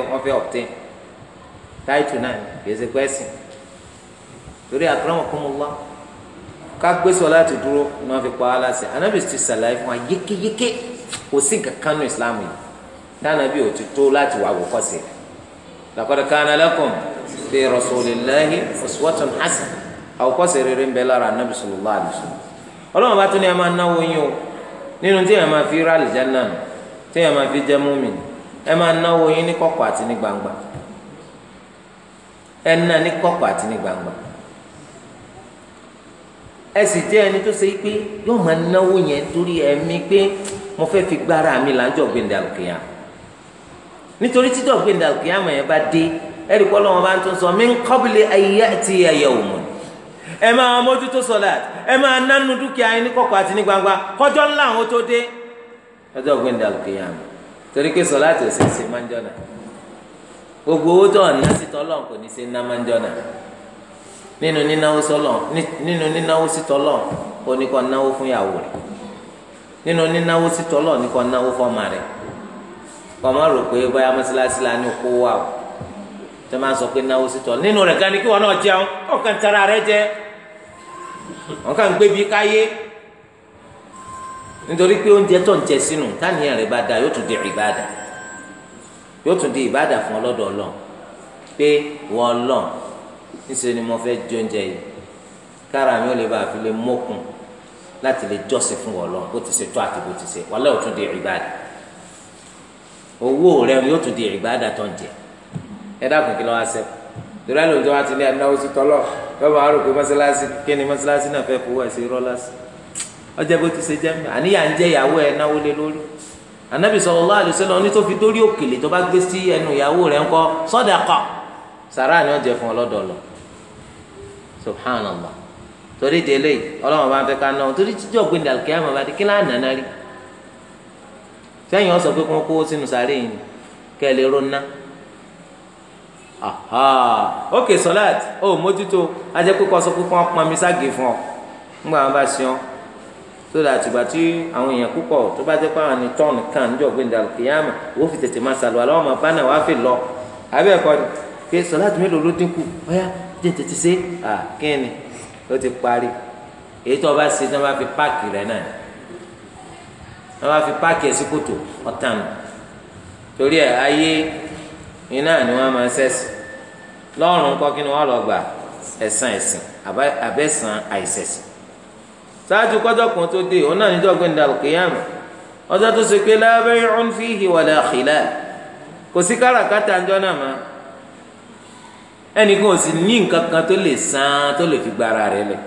wọn ká gbé sọláàtì dúró ni wọ́n fi pa á láṣẹ anábì ti sàlàyé fún wa yékéyéké kò sí nǹkan kan nínú islam yìí dáná bí o ti tó láti wà wò kọ́sì rẹ̀ laqad kana lakum fi rasulillahi uswatun hasan àwòkọ́sì rere ń bẹ lára anábì sallallahu alaihi wasallam ọlọ́run bá tún ní a máa yín o nínú tí èèyàn fi rà àlìjáná nù tí èèyàn fi jẹ́ múmi ẹ máa náwó yín ní kọ̀kọ̀ àti ní gbangba ẹ ní kọ̀kọ̀ àti ní gbangba. ẹ sì jẹ́ ẹni tó ṣe pé yóò máa náwó yẹn torí ẹ̀mí pé mo fẹ́ fi gbára mi là ń jọ gbẹ̀ndà òkèèyà nítorí títọ̀ gbẹ̀ndà òkèèyà mọ̀ yẹn bá dé ẹ̀rí kọ́ lọ́wọ́ bá ń tún sọ min qabli an ya'tiya yawmun ẹ máa mójútó ẹ máa nánú dúkìá yín ní àti ní gbangba kọjọ́ ńlá àwọn tó dé ọjọ́ torí pé máa ń gbogbo owó tó nínú nínáwó sọlọ nínú nínáwó sítọlọ oníkọ náwó fún yàwó rẹ nínú nínáwó sítọlọ oníkọ náwó fọmà rẹ rò ní kó wà o tẹ máa sọ pé náwó nínú rẹ gan kí wọn náà jẹun ọkàn tara rẹ jẹ wọn kàn gbé bí káyé nítorí pé oúnjẹ tó ń jẹ sínú táníyàn rẹ bá da yóò tún di ìbàdà yóò tún di ìbàdà fún pé níṣẹ́ ni mo fẹ́ jẹ oúnjẹ yìí kára mi ò lè bá a fi lè mọ́kùn láti lè jọ́sìn fún Ọlọ́run bó ti ṣe tó àti bó ti ṣe wọlé òtún di ìbádà owó rẹ yóò tún di ìbádà tó ń jẹ ẹ dákun kí ló wá sẹ́kù torí àlòjọ wa ti ní ẹnáwó sí tọ́lọ̀ yóò máa pé mọ́sálásí kí ni mọ́sálásí náà fẹ́ fowó ẹ̀ sí rọ́lásì bó ti ṣe jẹ́ mi àníyàn ń jẹ́ ìyàwó ẹ̀ náwó lé lórí anabi sallallahu alaihi wasallam ní tó fi dórí òkèlè tó bá gbé sí ẹnu ìyàwó rẹ̀ ńkọ́ sàdákà sàrà ni wọ́n jẹ fún ọlọ́dọ̀ subhanallah torí délé ọlọ́run bá fẹ́ ká náà torí jíjọ́ gbé dàlùkẹ́ àmọ́ bá ti kí láàánà náà rí sẹ́yìn ọ̀sọ̀ pé kún kówó sínú sàárè yìí kẹ́ ẹ lè rona ok sọláàtì ó mójútó ajẹ́ pé kọ́ sọ pé fún ọ ńgbà wọn àwọn èèyàn púpọ̀ tó bá jẹ́ pé àwọn tọ́ọ̀n kan níjọ́ gbé dàlùkẹ́ jẹ́ tètè ṣe à kíni ó ti parí èyí tó o bá ṣe tí wọ́n bá fi páàkì rẹ̀ náà ni wọ́n bá fi páàkì ẹ̀ sí kòtò ọ̀tàn torí ẹ̀ ayé iná ni wọ́n máa ṣẹ̀sìn lọ́rùn kọ́ kí ni wọ́n lọ gbà ẹ̀san ẹ̀sìn àbẹ̀sán àìṣẹ̀sìn ṣáájú kọjọ́ kan tó dé òun náà níjọ́ gbẹ̀ndà al-qiyāmah ọjọ́ tó ṣe pé lā bay'un fīhi wa lā khilāl kò sí káràkátà ńjọ́ náà máa ẹnì kan ò sì ní nǹkan kan tó lè san tó lè fi gbára rẹ̀ lẹ̀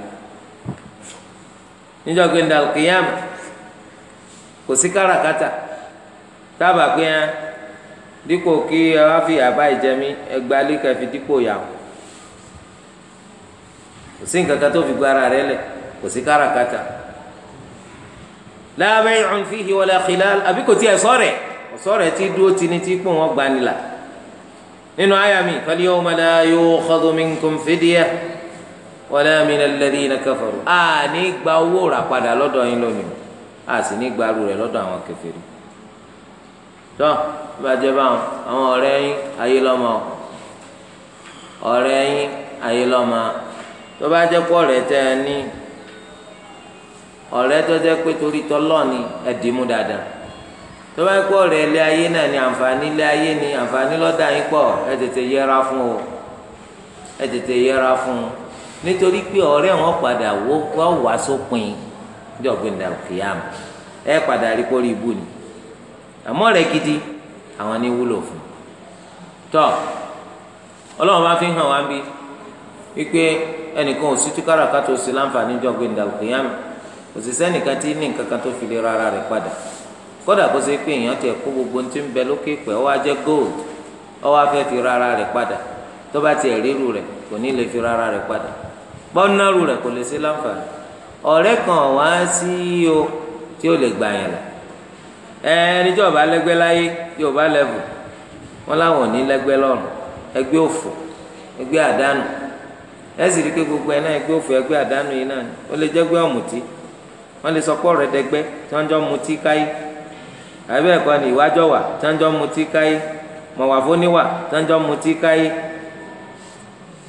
níjọ́ pé ndàlù kìyàm kò sí káràkátà tábà pé ẹ dípò kí ẹ wá fi àbá ìjẹmí ẹgbàá lé kẹfì dípò yàwó kò sí nǹkan kan tó fi gbára rẹ̀ lẹ̀ kò sí káràkátà la bay'un fihi wala khilal àbí kò tí ẹ sọ̀rẹ̀ sọ̀rẹ̀ tí dúró tini tí pò wọ́n gbanilà nínú àyà mi fal yawma la yukhadhu minkum fidya wala minal ladhina kafaru a ní gba owó rà padà lọ́dọ̀ yín lónìí a sì ní gba arú rẹ̀ lọ́dọ̀ àwọn kèfèrí tó ìbàjẹ́ báwọn àwọn ọ̀rẹ́ yín ayé lọ́mọ ọ̀rẹ́ yín ayé lọ́mọ tó bá jẹ́ pọ̀ rẹ̀ tẹ́ ẹ ní ọ̀rẹ́ tó jẹ́ pé torí tọ́lọ́ ni ẹ̀dínmú dáadáa tọ́ba ẹ̀kọ́ rẹ̀ ilé ayé náà ni àǹfààní ilé ayé ni àǹfààní lọ́dà yín pọ̀ fún o nítorí pé ọ̀rẹ́ wọn padà wọ́ wá sópin ní ọ̀gbìndà kìyàm ẹ padà rí kórí ibú ni àmọ́ rẹ̀ gidi àwọn ní wúlò fún tọ́ ọlọ́run bá fi hàn wá bí wípé ẹnìkan ò sí tú láǹfààní ní ọ̀gbìndà òṣìṣẹ́ nìkan tí ní nǹkan kan tó fi rárá kódà kó ṣe pé èèyàn tiẹ̀ kó gbogbo ní ti ń bẹ lókè pẹ́ ó wá jẹ́ gold ó wá fẹ́ fi rárá rẹ̀ padà tó bá tiẹ̀ ríru rẹ̀ kò kan wá sí o tí ó lè gbà yẹn lọ ẹni tí ọba lẹ́gbẹ́ láyé tí ọba lẹ́bù wọn láwọn ò ní lẹ́gbẹ́ lọ́rùn ẹgbẹ́ òfò ẹgbẹ́ àdánù ẹ gbogbo ẹ náà ẹgbẹ́ òfò ẹgbẹ́ àdánù yìí náà ó lè jẹ́gbẹ́ ọ̀mùtí wọ́n lè sọ tí wọ́n jọ mutí àbí ẹ̀kọ́ ni ìwájọ́ wà tánjọ́ mutí káyé mọ̀wáfó níwà tánjọ́ mutí káyé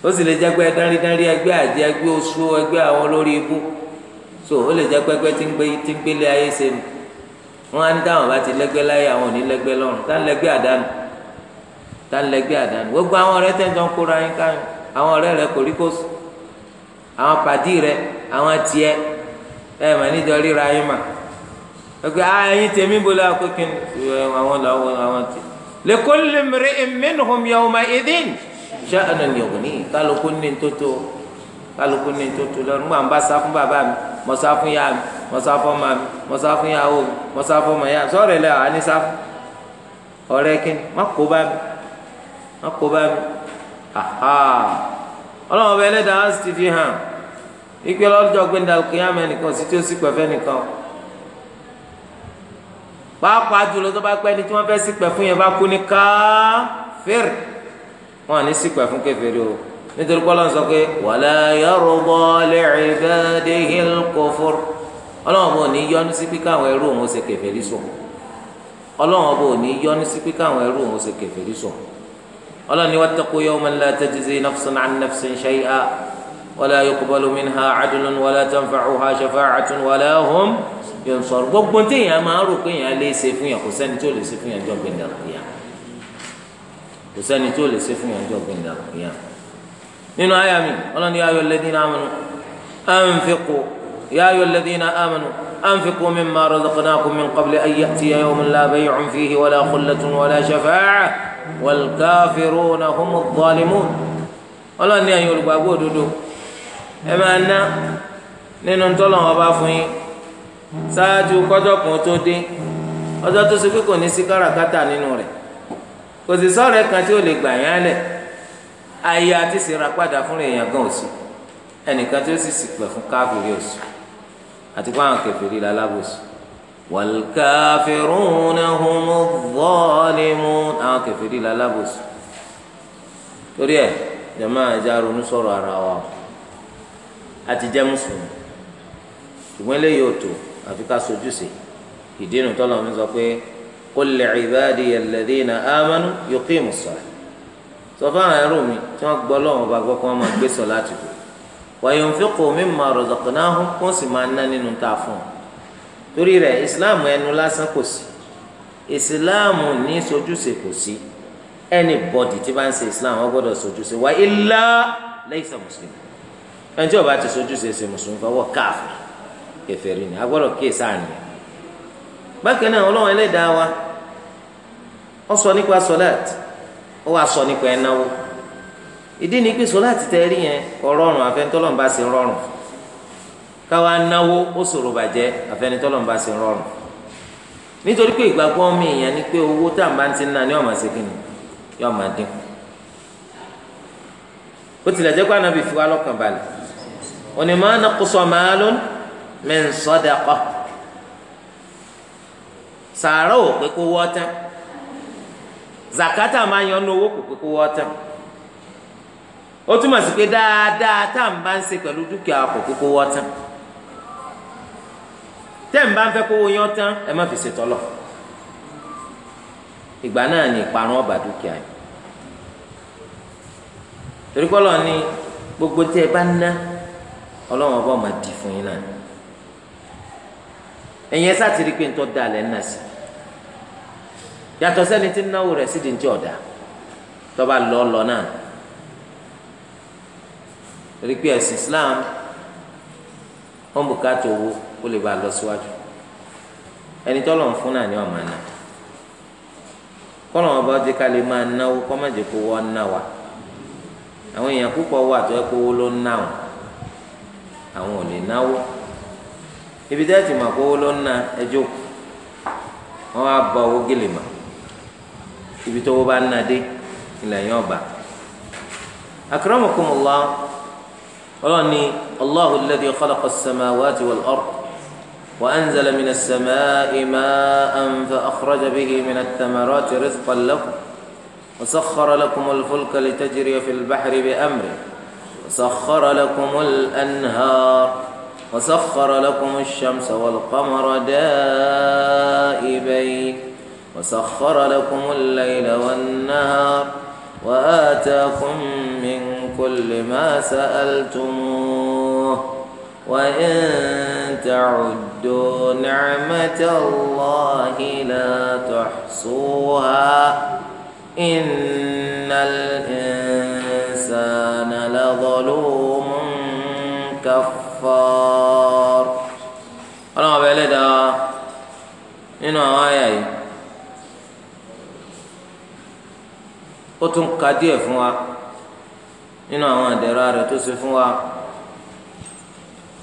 ó sì lè jẹ́ pé dánrídánrí ẹgbẹ́ àjẹ́ ẹgbẹ́ oṣù ẹgbẹ́ àwọn olórí ibú so ó lè jẹ́ pé ẹgbẹ́ tí ń gbé tí ń gbélé ayé ṣe nù wọ́n á ní táwọn bá ti lẹ́gbẹ́ láyé àwọn ò ní lẹ́gbẹ́ lọ́run tá ń lẹ́gbẹ́ àdánù tá ń lẹ́gbẹ́ àdánù gbogbo àwọn ọ̀rẹ́ tẹ́jọ́ ń kóra yín káyọ̀ àwọn ọ̀rẹ́ rẹ kò rí kó sùn àwọn pàdí rẹ àwọn tiẹ̀ ẹ̀ mà níjọ ríra yín mà ẹgbẹ́ ayé ah, tèmi bolo akokin àwọn làwọn àwọn tè lẹ́kọ́lẹ́ mìíràn ẹ̀mẹ́nuhùn yawma idin ṣé àná ni ògùn yìí kálukú ní tótó kálukú ní tótó lọ́nu mọ̀ à ń bá sá fún bàbá mi mọ̀ sá fún yá mi mọ̀ sá fún ọmọ mi mọ̀ sá fún yàwó mi mọ̀ sá fún ọmọ yá mi sọ̀rọ̀ ilẹ̀ àní sá fún ọ̀rẹ́ má kó bá mi má kó bá mi aha ọlọ́run ọba ti fi hàn ìpè lọ́jọ́ gbẹ̀ndàlùkì yá mẹ́nìkan ó sì pẹ̀fẹ́ nìkan pàápàá jùlọ tó bá pẹ́ ni tí wọ́n fẹ́ ṣìpẹ̀ fún yẹn bá kú ní káfíìr wọn ní ṣìpẹ̀ fún kèfèrí o nítorí Ọlọ́run sọ pé wala yarda li'ibadihil kufur Ọlọ́run bò ní yọ́nú sí pé káwọn ẹrú òun ṣe kèfèrí sọ Ọlọ́run bò ní yọ́nú sí pé káwọn ẹrú òun ṣe kèfèrí sọ Ọlọ́run ní wattaqu yawman la tajzi nafsun an nafsin shay'an wala yuqbalu minha 'adlun wala tanfa'uha shafa'atun yóò sọ̀rọ̀ gbogbo téèyàn máa ń rò pé èèyàn lè ṣe fún yàn kò sẹ́ni tó lè ṣe fún yàn jọ gbẹ̀ndà kìyà kò sẹ́ni tó lè ṣe fún yàn jọ gbẹ̀ndà kìyà nínú àyà mi ọlọ́ni yā ayyuhalladhīna āmanū anfiqū yā ayyuhalladhīna āmanū anfiqū mimmā razaqnākum min qabli an ya'tiya yawmun lā bay'un fīhi walā khullatun walā shafā'ah wal kāfirūna humu ẓ-ẓālimūn ọlọ́ni ẹ̀yin olùgbàgbọ́ òdodo ẹ máa ná nínú tọ́lọ́wọ́n bá fún yín ṣáájú kọjọ́ kan tó dé ọjọ́ tó ṣe pé kò ní sí káràkátà nínú rẹ̀ kò sì sọ̀rọ̀ kan tí ó lè gbà yán lẹ̀ ayé àti ìsira padà fún èèyàn gan òsì ẹnìkan tí ó sì sì pẹ̀ fún káfíìrì òsì àti fún àwọn kẹfìrí lalábòsì wàlùkàfìrúnà humu zọ́ọ̀lìmù àwọn kẹfìrí lalábòsì torí ẹ jama ajá ronú ara wa àti jẹ́ mùsùlùmí ṣùgbọ́n eléyìí ò tó àfi ká sojúṣe ìdínú tọ́lọ̀ mi sọ pé qul li ibadiya alladhina amanu yuqimus salah sọ fáwọn ẹrú mi tí wọ́n gbọ́ lọ́wọ́ bá gbọ́ kí wọ́n máa gbé sọ láti kù wa yunfiqu mimma razaqnahum kó sì máa ná nínú tá fún un torí rẹ̀ ìsìláàmù ẹnu lásán kò sí ìsìláàmù ní sojúṣe kò sí anybody tí bá ń ṣe islam wọn gbọ́dọ̀ sojúṣe wa illa laysa muslim ẹni tí ó bá ti sojúṣe ṣe mùsùlùmí fọwọ́ káàfin kèfèrí ni agbọ́dọ̀ kíyè sáàni bákan náà Ọlọ́run Ẹlẹ́dàá wa ọ sọ nípa sọláàtì ọ sọ nípa ẹnáwó ìdí ni pé sọláàtì tẹ rí yẹn kò rọrùn àfẹnitọ́lọ́mùbá sí rọrùn káwa náwó ó ṣòro bàjẹ́ àfẹnitọ́lọ́mùbá sí rọrùn nítorí pé ìgbàgbọ́ mi ìyẹn ni pé owó tá à ń bá ti ń ni yóò máa ó tilẹ̀ jẹ́ pé ànábì fi wá lọ́kàn balẹ̀ min sadaqa sàárà ò pé wọ́ tán zakata máa ń yọ ní owó kò pé kó wọ́ tán ó túmọ̀ sí pé dáadáa tá à ń bá ń ṣe pẹ̀lú dúkìá kò pé kó wọ́ tán tẹ́ ń bá ń fẹ́ kówó yán tán ẹ má fi ṣètọ́ lọ ìgbà náà ni ìparun ọba dúkìá yìí torí kọ́ ni gbogbo tí ẹ bá ń ná ọlọ́run ọba ọmọ dì fún yín náà ẹ̀yin ẹ̀ sáà ti rí pé ntọ́ da alẹ́ náà sí yàtọ̀ sẹ́ni tí náwó rẹ̀ sì di ntí ọ̀dà tọ́ba lọ lọ náà torí pé ẹ̀sìn Islam wọn bùkà tó owó kó lè ba lọ síwájú ẹni tọ́lọ̀ ń fún náà ni ọ̀ma náà kọ́lọ̀ wọn bá jẹ́ ká lè máa náwó kọ́ má jẹ́ kó wọ́n ná wa àwọn èèyàn púpọ̀ wà tó yẹ kó ló ń náwó àwọn ò lè náwó. ibi dá ti mọ̀ kó ló ń na ẹjọ́ kù wọ́n á bọ owó gèlè mọ̀ ibi tó wọ́n bá ń na dé ilẹ̀ yẹn ọba. akramakumullah ọlọ́ni allahu alladhi khalaqa as-samawati wal-ard وأنزل من السماء ماء فأخرج به من الثمرات رزقا لكم وسخر لكم الفلك لتجري في البحر بأمره وسخر لكم الأنهار وسخر لكم الشمس والقمر دائبين وسخر لكم الليل والنهار وآتاكم من كل ما سألتموه وإن تعدوا نعمة الله لا تحصوها إن الإنسان لظلوم كفر الكفار ọlọ́wọ́n bẹ ẹlẹ́dàá nínú àwọn àyà yìí ó tún ka díẹ̀ fún wa nínú àwọn àdẹ̀rà rẹ̀ tó ṣe fún wa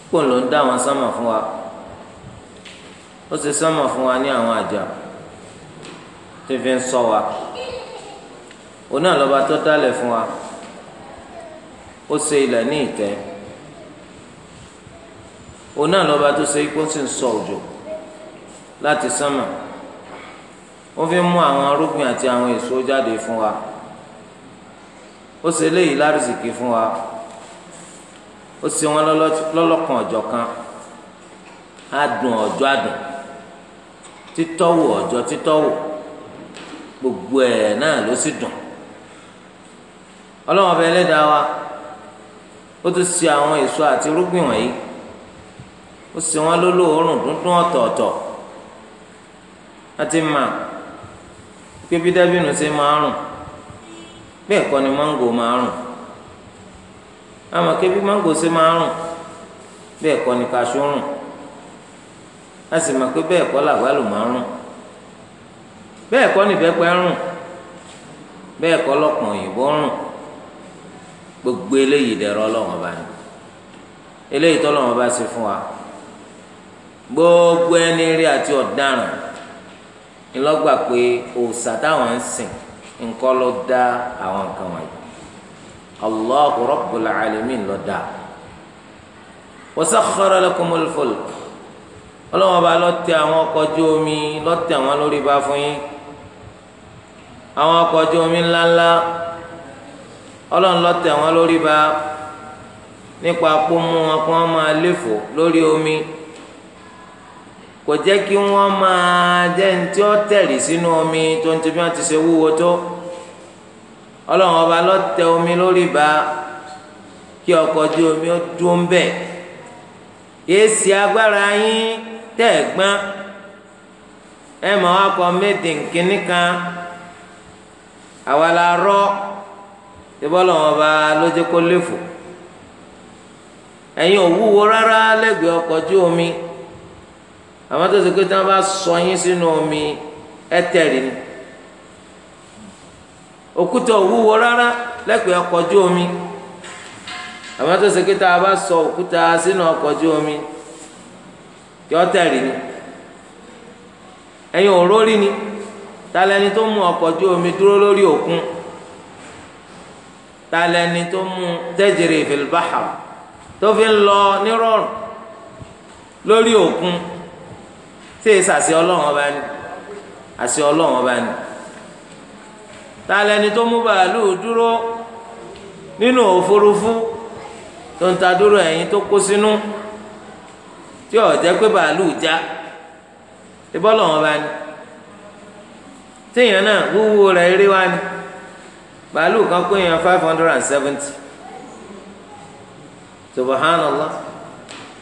kó ló ń dá àwọn sámà fún wa ó ṣe sámà fún wa ní àwọn àjà tó fi ń ṣọ́ wa òun náà lọ́ba tó dálẹ̀ fún wa ó ṣe ilẹ̀ ní ìtẹ́. òun náà lọ́ba tó ṣe ikú sì ń sọ òjò láti sánmà ó fi mú àwọn arúgbìn àti àwọn èso jáde fún wa ó ṣe léyìí lárìsìkì fún wa ó ṣe wọn lọ́lọ́kan ọ̀jọ̀ kan adùn ọ̀jọ̀ adùn títọ́wò ọ̀jọ̀ títọ́wò gbogbo ẹ̀ náà ló sì dùn ọlọ́wọ́n bẹ ẹlẹ́dàá wa ó tún ṣe àwọn èso àti irúgbìn wọ̀nyí ó sì wọn lólóòórùn dúndún ọ̀tọ̀ọ̀tọ̀ láti mà pé bí dábìnú ṣe máa rùn bẹ́ẹ̀ kọ́ ni mango, máa rùn àmọ́ pé bí máńgò ṣe máa rùn bẹ́ẹ̀ kọ́ ni kaṣú rùn a sì mọ̀ pé bẹ́ẹ̀ kọ́ làwálù máa rùn bẹ́ẹ̀ kọ́ ni ìbẹ́pẹ́ rùn bẹ́ẹ̀ kọ́ lọ́pọ̀ òyìnbó rùn gbogbo eléyìí dẹ̀rọ ọlọ́wọ́n bá ní eléyìí tọ́lọ́wọ́n bá ṣe fún wa gbogbo ẹni rí àti ọ̀daràn ńlọ́gbà pé òòṣà táwọn ń sìn ńkọ́ ló dá àwọn nǹkan wọ̀nyí Allahu Rabbul Alamin ló dá wa sakhkhara lakumul fulk ọlọ́wọ́n bá lọ́tẹ̀ àwọn ọkọ̀ ojú omi lọ́tẹ̀ àwọn lórí bá fún yín àwọn ọkọ̀ ojú omi ńláńlá ọlọ́run lọ́tẹ̀ àwọn lórí bá nípa kó wọn kó wọn máa léfò lórí omi. kò jẹ́ kí wọ́n máa jẹ́ ní tí ó tẹ̀lé sínú omi tó ń ti bí wọ́n ti ṣe wúwo tó ọlọ́run ọba tẹ omi lórí ba kí ọkọ̀ ojú omi ó dún bẹ̀ èsì agbára yín tẹ̀ gbọ́n ẹ mọ̀ wá méjì nkíní kan rọ́ ìbọ́lọ́run ọba àwọn tó ṣe pé tí wọn bá sọ yín sínú omi ẹtẹrì ni òkúta òwúwo rárá lẹ́pẹ́ ọkọ̀ ojú omi àwọn tó ṣe pé tí wọn bá sọ òkúta sínú ọkọ̀ ojú omi kí ọ tẹ̀rì ni ẹ̀yin òrórí ni talẹ́ni tó mú ọkọ̀ omi dúró lórí òkun talẹ́ni tó mú tẹ́jìrì fil tó fi ń lọ nírọ̀rùn lórí òkun ṣé èsì àṣẹ ọlọ́run ọba ni àṣẹ ọlọ́run ọba ni ta lẹni tó mú bàálù dúró nínú òfurufú tó ń ta dúró ẹ̀yìn tó kó sínú tí ò jẹ́ pé bàálù já ìbọ́lọ̀ wọn bá ní téèyàn náà wúwo rẹ̀ eré wá ní bàálù kan pé èèyàn five hundred and seventy subhanallah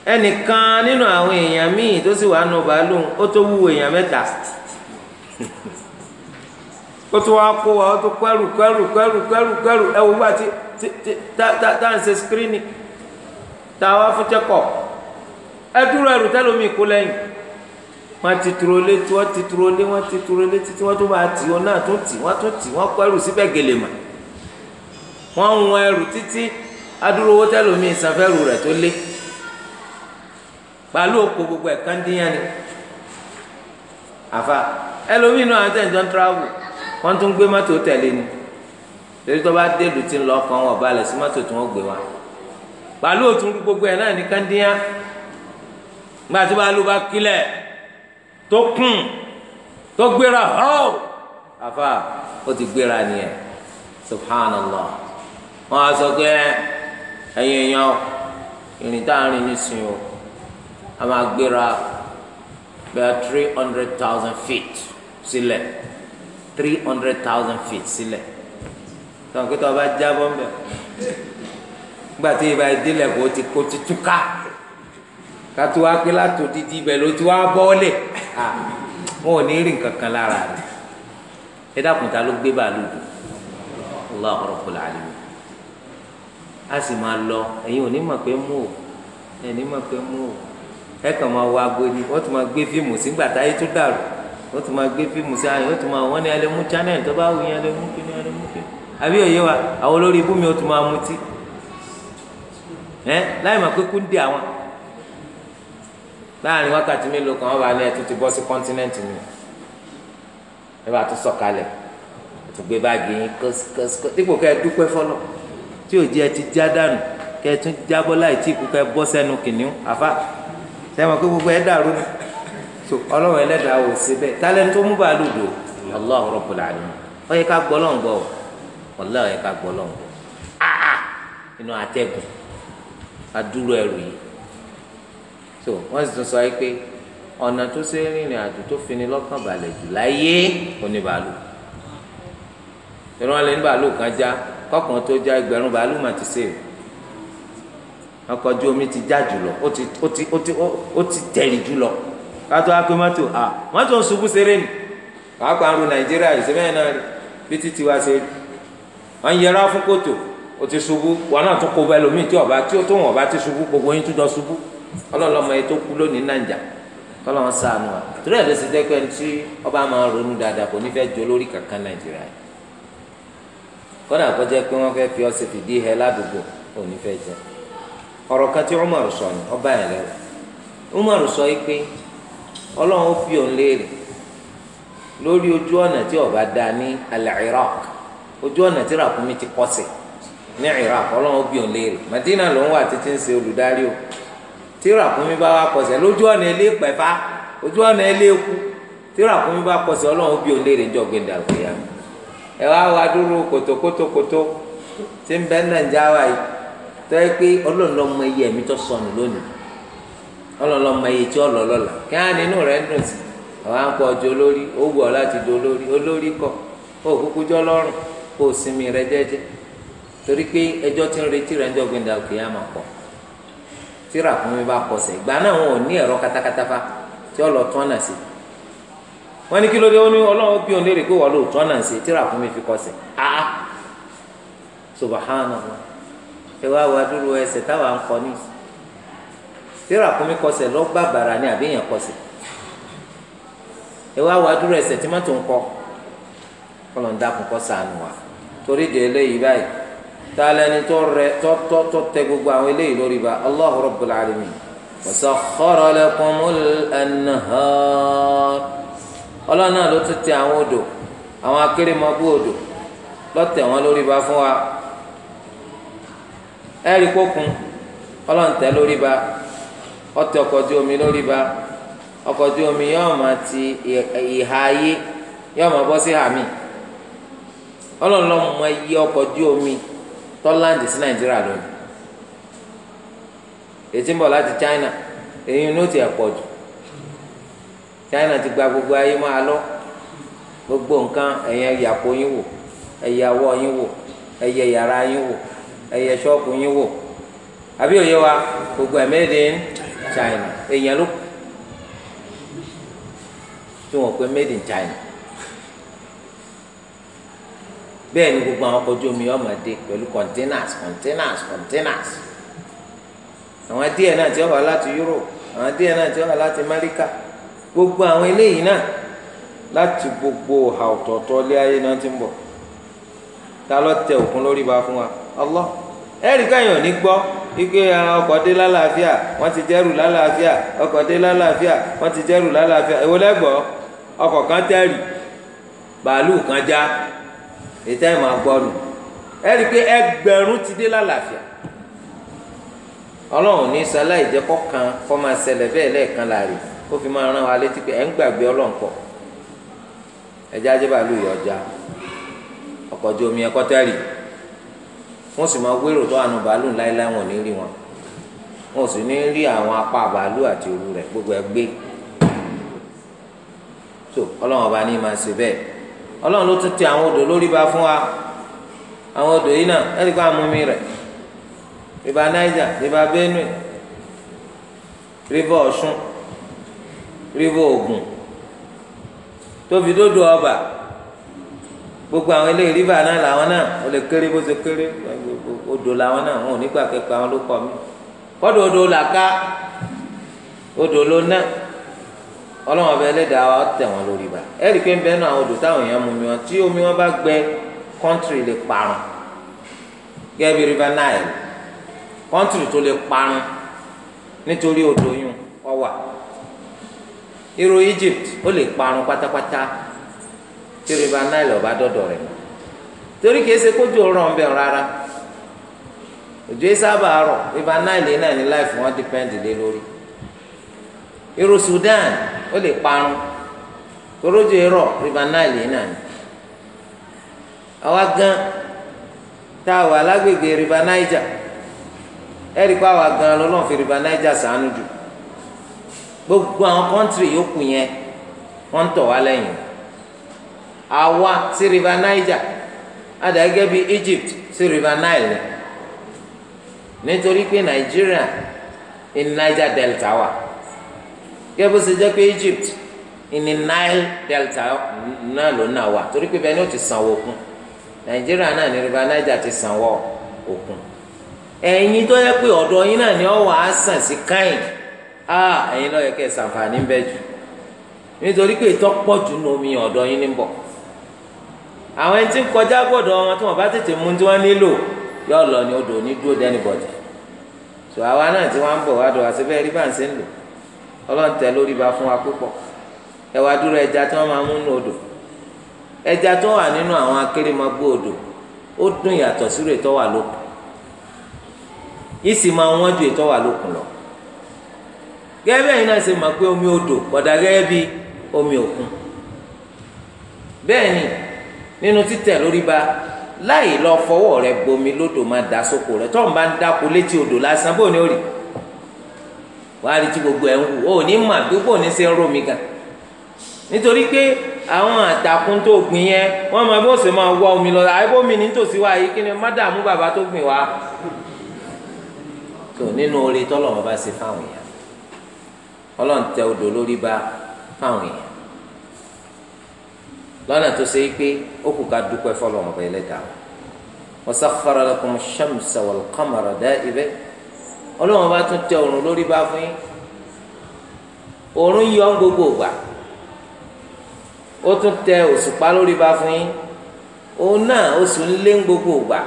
ẹnìkan nínú àwọn èèyàn míì tó sì wà nù bàálù ó tó wúwo èèyàn mẹ́ta ó tó wá kó wa ó tó kẹrù kẹrù kẹrù kẹrù kẹrù ẹ wo wá tí tí tá à ń ṣe skirini tá a wá fún check ẹ dúró ẹrù tẹlómi kó lẹ́yìn wọ́n ti turo lé tí wọ́n ti turo lé wọ́n ti turo lé títí wọ́n tó bá tì wọ́n náà tó tì wọ́n tó tì wọ́n kó ẹrù síbẹ̀ gèlè mà wọ́n ń wọn ẹrù títí adúrówó tẹlómi ìsànfẹ́rù rẹ̀ tó lé pàlú òkò gbogbo ẹ̀ kàndínyàn ni àfa ẹlòmíì náà àwọn tẹ̀sán tíráwù wọ́n tún gbé mọ́tò tẹ̀lé ni torí tó bá dé ìlú tí ń lọ ọkàn wọn balẹ̀ sí mọ́tò tí wọ́n gbé wa pàlú òtún gbogbo ẹ̀ náà ní kàndínyàn gba tí bàálù bá kílẹ̀ tó kùn tó gbéra họ́ àfa ó ti gbéra nìyẹn subhanallah wọn á sọ pé ẹ̀yin èèyàn ìrìn tá a rìn ní sìn o a máa gbéra bẹ́ẹ̀ three hundred thousand feet sílẹ̀ three hundred thousand feet sílẹ̀ tọ́n kí tọ́ bá jábọ́ ń bẹ̀ gbà tí ìbá ìdílẹ̀ kò ti kó ti túká kátó wá pé látò dídí ibẹ̀ ló ti wá bọ́ọ̀lẹ̀ wọn ò ní rìn kankan lára rẹ̀ ẹ dákun ta ló gbé bàálù dùn Allahu Rabbul Alamin a sì máa lọ ẹ̀yin ò ní mọ̀ pé mú o ẹ̀ ní mọ̀ pé mú o ẹ kàn máa wọ aago ni wọ́n tún máa gbé fíìmù sígbà táyé tó dàrú wọ́n tún máa gbé fíìmù sí àyàn wọ́n tún máa wọ́n ní ẹlẹ́mú channel tó bá wù yín ni kíní ẹlẹ́mú kíní àbí òye wa àwọn olórí ibú mi ó tún máa mutí ẹ láì máa pé kú ń dé àwọn láàrin wákàtí mélòó kan wọ́n bá ní ẹ tún ti bọ́ sí kọ́ńtínẹ́ǹtì mi ẹ bá tún sọ̀kalẹ̀ tún gbé báàgì yín kọ́síkọ́síkọ́ dípò kẹ́ ẹ dúpẹ́ fọlọ́ tí ò jẹ́ ti já dànù kẹ́ ẹ tún jábọ́ láì tí ìkú kẹ́ ẹ bọ́ sẹ́nu kìnìún àfa tẹ́wọ̀n pé gbogbo ẹ̀ dàrú so ọlọ́run ẹlẹ́dàá wò sí bẹ́ẹ̀ tálẹ́ni tó mú bàálù dò Allahu Rabbul Alamin ó yẹ ká gbọ́ lọ́ngbọ́ ọ̀lá ó yẹ ká gbọ́ lọ́ngbọ́ áá inú atẹ́gùn adúrú ẹrù yìí so wọ́n sì tún sọ yìí pé ọ̀nà tó ṣe rìnrìn àjò tó fi ni lọ́kàn balẹ̀ jù láyé oníbàálù ìrànlẹ́ ní kan já kọ́kàn tó já ẹgbẹ̀rún bàálù mà ti sèwé ọkọ̀ ojú omi ti já jùlọ ó ti ó ti ó ti ó ti tẹ̀rì jùlọ kátó wá pé mọ́tò à mọ́tò ń ṣubú seré ni pàápàá ń ru nàìjíríà yìí sẹ́fẹ̀ẹ́ náà bí títí wá ṣe wọ́n yẹra fún kòtò ó ti ṣubú wọn náà tún kó bá ẹlòmíì tí ọba tí ó tó wọn ọba ti ṣubú gbogbo yín tún jọ ṣubú ọlọ́lọ́mọ yẹn tó kú lónìí nàìjà kọ́lọ́wọ́n sànù wa torí ẹ̀ ló ṣe jẹ́ pé máa ronú dáadáa kò ní fẹ́ jó lórí kankan nàìjíríà yìí kọ́nà àkọ́jẹ́ pé wọ́n fẹ́ fi ọsẹ fìdí hẹ ládùúgbò ò ní fẹ́ jẹun ọ̀rọ̀ kan tí Umar sọ ni ọba yẹn lẹ́rù Umar sọ yìí pé ọlọ́run fi òun léèrè lórí ojú ọ̀nà tí ọba da ní iraq ojú ọ̀nà tí ti kọ́sẹ̀ ní Iraq ọlọ́run fi òun léèrè Madina ló ń wà títí ń ṣe olùdarí o tí ràkúnmí bá wà kọ́sẹ̀ lójú ọ̀nà ilé pẹ̀fà ojú ọ̀nà ilé tọ́yẹ pé ọlọ́run ló mọ iye ẹ̀mí tó sọnù lónìí ọlọ́run ló mọ iye tí ọlọ́ lọ́la kí á nínú rẹ̀ dùn sí àwọn akọ ọjọ́ olórí ó wù ọ láti olórí olórí kọ ó kúkú jọ lọ́rùn o sinmi rẹ jẹ́jẹ́ katakata fa tí ọlọ́ náà sí wọn kí wọn ọlọ́run bí òun ẹ wá wá dúró ẹsẹ̀ táwa ń kọ ní tíra kúmi kọsẹ̀ lọ́gbà bàrà ni àbí èèyàn kọsẹ̀ ẹ wá wá dúró ẹsẹ̀ tí mọ́tò ń kọ kọlọ̀ ń dákun kọ́ sànù wa torí de eléyìí báyìí taalani tó rẹ tó tó tó tẹ gbogbo àwọn eléyìí lórí ba Allahu Rabbul Alamin wa sakhkhara lakumul anhar ọlọ́run náà ló tún tẹ àwọn odò àwọn akérèmọ́bù odò lọ́tẹ̀ wọn lórí ba fún wa. ẹ̀rí kókun ọlọ́run tẹ́ lórí ba ọtí ọkọ̀ ojú omi lórí ba ọkọ̀ omi ti ìhà ayé yóò ma bọ́ sí ami ọlọ́run lọ́mọ iye ọkọ̀ omi tọ́láǹdì sí nàìjíríà lónìí ètí ń bọ̀ láti China èyí ni ó ti pọ̀ jù China ti gba gbogbo ayé máa lọ gbogbo nǹkan ẹ̀yìn ẹ̀yàpọ̀ yín wò ẹ̀yàwó yín wò ẹyẹ ṣọ́ọ̀bù yín wò àbí gbogbo ẹ̀ made in China èèyàn ló tí made in China bẹ́ẹ̀ ni gbogbo àwọn ojú omi ọmọ pẹ̀lú containers containers containers àwọn díẹ̀ náà tí ó láti Europe àwọn díẹ̀ náà tí ó láti gbogbo àwọn eléyìí náà láti gbogbo ọ̀hà ọ̀tọ̀ọ̀tọ̀ lé ayé náà ti ń bọ̀ tẹ òkun lórí ba fún wa. Allah ẹ̀rí káyọ̀ ní gbọ́ ike ọkọ̀ dé lálàáfíà wọ́n ti jẹ́rù lálàáfíà ọkọ̀ dé lálàáfíà wọ́n ti jẹ́rù lálàáfíà èwo lẹ́gbọ́ ọkọ̀ kan tẹ́rì bàálù kan já ètò ẹ̀ máa gbọ́ nù ẹ̀rí pé ẹgbẹ̀rún ti dé lálàáfíà ọlọ́run ní sálá ìjẹ́kọ́ kan kọ́ máa ṣẹlẹ̀ bẹ́ẹ̀ lẹ́ẹ̀kan láàrin ó fi máa rán wa létí pé ẹ̀ ń gbàgbé ọlọ́run pọ̀ ẹ̀já ajé bàálù ìyọ̀já ọkọ̀ ojú omi ẹ̀kọ́ tẹ́rì wọ́n sì máa wérò tó àánú bàálù láéláé wọn ò ní rí wọn wọn sì ní rí àwọn apá bàálù àti òru rẹ̀ gbogbo ẹ̀ gbé tó ọlọ́run ọba ní máa ṣe bẹ́ẹ̀ ọlọ́run ló tún ti àwọn odò lórí ba fún wa àwọn odò yìí náà ẹ̀rí kó àmúmi rẹ̀ rìbá Niger rìbá Benue rìbá Ọ̀ṣun rìbá Ògùn tóbi dódò ọba gbogbo àwọn eléyìí rìbá náà làwọn náà ó kéré bó ṣe kéré odò làwọn náà wọn ò nígbà kẹpẹ àwọn ló kọ mí kọ́dọ̀ odò làká odò ló ná ọlọ́wọ́n ọba ẹlẹ́dàá wa tẹ̀ wọ́n lórí ba pé ń bẹ́ẹ̀ àwọn odò táwọn èèyàn mú mi wọn tí omi wọn bá gbẹ kọ́ńtìrì lè parun gẹ́gẹ́ bí river kọ́ńtìrì tó parun nítorí odò yún ọ irú Egypt ó lè parun Nile ọba dọ́dọ̀ rẹ̀ torí kìí ṣe kójú ọ̀rọ̀ rárá òjò yìí sábà rọ̀ ibà náìlè náà ní láìfù wọn dìpẹ́ǹdì lé lórí irú Sudan ó lè parun torójú irọ́ ibà náìlè náà ní àwa gan tá a wà lágbègbè rìbá Niger ẹ̀rí pa àwa gan lọ́lọ́run fi rìbá Niger sànú jù gbogbo àwọn kọ́ńtìrì yòókù yẹn wọ́n ń tọ̀ wá lẹ́yìn àwa sí rìbá Niger adàgẹ́ bíi Egypt sí rìbá Nile nítorí pé nàìjíríà in niger delta wa gẹ́gẹ́ bó pé egypt in nile delta náà ló náà wa torí pé bẹ́ẹ̀ ó ti sanwó òkun nàìjíríà náà ní niger ti sanwó òkun ẹ̀yin tó yẹ pé ni ọ wà á sàn sí káyìn ah, ẹ̀yin náà yẹ kẹ́ ẹ bẹ jù nítorí pé ìtọ́ pọ̀ jù omi ọdọ yín ní bọ̀ àwọn ẹni tí ń kọjá wọn tí yóò lọ ní odò ní dúró dẹ́ni bọ̀dì tó àwa náà tí wọ́n ń bọ̀ wá àti bẹ́ẹ̀ rí bá ń ṣe ń lò ọlọ́run tẹ lórí ba fún wa púpọ̀ ẹwà dúró ẹja tí wọ́n máa mú nínú odò ẹja tó wà nínú àwọn akérèmọ́gbó odò ó sírò ètò wà omi odò kọ̀dà gẹ́gẹ́ bí omi òkun bẹ́ẹ̀ ni nínú títẹ̀ lórí láì lọ fọwọ́ rẹ bomi lódò máa da sóko rẹ tọ́ ń bá ń dáko létí odò lásán bó ni ó rì wàá rí tí gbogbo ẹ̀ ń wù ó ní mà bí bó ni ṣe ń romi gan nítorí pé àwọn àtàkùn tó gbìn yẹn wọ́n máa bó ṣe máa wá omi lọ àìbómi nítòsí wa yìí kí ni mádàmú bàbá tó gbìn wá tó nínú oore tọ́lọ̀ ṣe fáwọn èèyàn ọlọ́run tẹ odò lórí ba fáwọn èèyàn lọ́nà tó ṣe é pé ó kù ká dúpẹ́ fọlọ́run ọba ẹlẹ́dàá wasakhara lakum shamsa wal qamara da'ibayn ọlọ́run bá tún tẹ òrùn lórí bá fún yín òrùn yọ ń gbogbo ògbà ó tún tẹ òṣùpá lórí bá fún yín òun náà oṣù ń lé ń gbogbo ògbà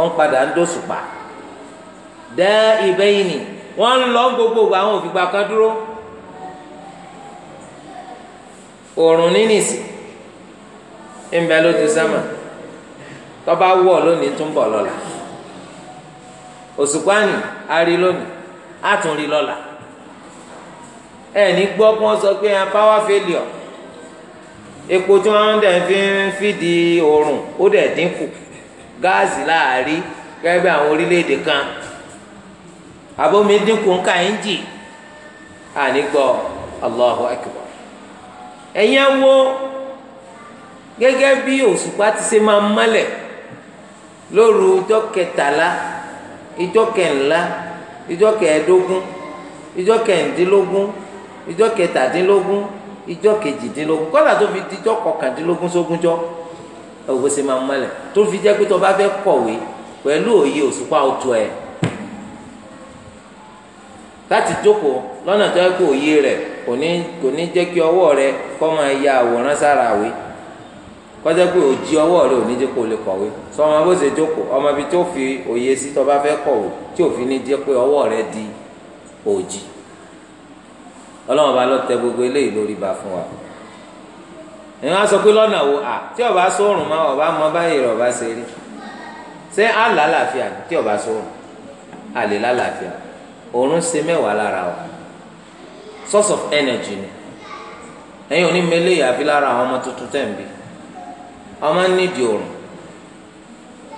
ó ń padà ń dòṣùpá da'ibayn ni wọ́n ń gbogbo ògbà àwọn òfìgbà kan dúró òrùn nínìsí ń bẹ lójú sẹ́mà tọ́ba wọ̀ lónìí tún bọ̀ lọ́la a rí lónìí a rí lọ́la ẹni gbọ́ pé ẹ failure epo tí wọ́n fi ń fìdí oòrùn ó dẹ̀ dínkù gáàsì láàrí gẹ́gẹ́ bí àwọn orílẹ̀-èdè kan àbómi dínkù nka ẹ́ńjì àní gbọ́ Allahu Akbar gẹ́gẹ́ bí òṣùpá ti ṣe máa mọ́lẹ̀ lóru ijọ́ kẹtàlá ijọ́ kẹńlá ijọ́ kẹẹ̀ẹ́dógún ijọ́ kẹǹdínlógún ijọ́ kẹtàdínlógún ijọ́ kejìdínlógún kọ́là tó fi dijọ́ kọkàndínlógún sógúnjọ́ òwò ṣe máa mọ́lẹ̀ tó fi jẹ́ pé tó bá fẹ́ kọ̀wé pẹ̀lú òye òṣùpá ọ̀tọ̀ ẹ̀ láti jókòó lọ́nà tó yẹ kó òye rẹ̀ kò ní jẹ́ kí ọwọ́ rẹ̀ kọ́ máa ya àwòrán sára àwé kọjá pé òjì ọwọ́ rẹ ò ní jẹ́ kó lè kọ̀wé sọ ọmọ bó ṣe jókòó ọmọ ibi tó fi òye sí tó bá fẹ́ kọ̀wé tí òfin ní jẹ́ pé ọwọ́ rẹ di òjì ọlọ́run bá lọ tẹ gbogbo eléyìí lórí ba fún wa ìyẹn wá sọ pé lọ́nà wo à tí ọba sóòrùn máa ọba mọ báyìí rẹ ọba ṣe rí ṣé á làlàáfíà tí ọba sóòrùn á lè òórùn ṣe mẹ́wàá lára wa source of energy ni ẹ̀yin ò ní mẹ́lẹ́yà àfi lára àwọn ọmọ tuntun tẹ̀ ń bí ọmọ nídìí òrùn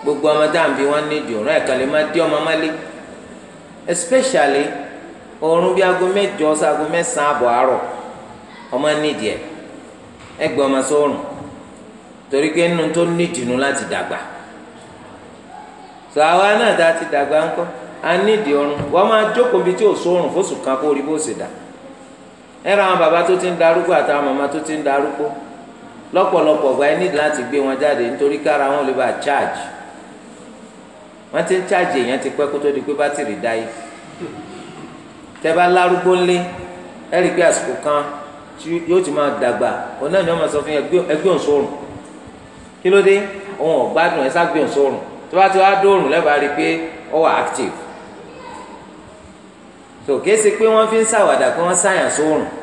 gbogbo ọmọ dáàbí wọn nídìí òrùn ẹ̀ka lè má dé ọmọ mọ́lé especially òrùn bíi aago mẹ́jọ sí aago mẹ́sàn-án àbọ̀ àárọ̀ ọmọ ọmọ torí pé nínú tó nu láti dàgbà náà dá ti dàgbà ńkọ́ a nídìí òrùn wọ́n máa jókòó bíi tí ò sọ́rùn fóṣù kan kó rí bó ṣe dà ẹ̀rọ lọ́pọ̀lọpọ̀ gba ẹ nídìí láti gbé wọn jáde nítorí kára wọn lè bá charge wọ́n ti ń charge èèyàn ti pẹ́ kó tó di pé bátìrì dá yìí tẹ́ bá lárúgbó ńlé ẹ rí i pé àsìkò kan yóò ti máa dàgbà òun náà ni wọ́n máa sọ fún yẹn ẹgbẹ́ òǹsọ̀rùn kí ló dé òun ọ̀gbádùn ẹ ságbé òǹsọ̀rùn tó bá ti wá dóòrùn lẹ́bàá rí i pé ó wà active tò kéésì pé wọ́n fi ń ṣàwàdà kí wọ́n sáyàn sóòrùn. So,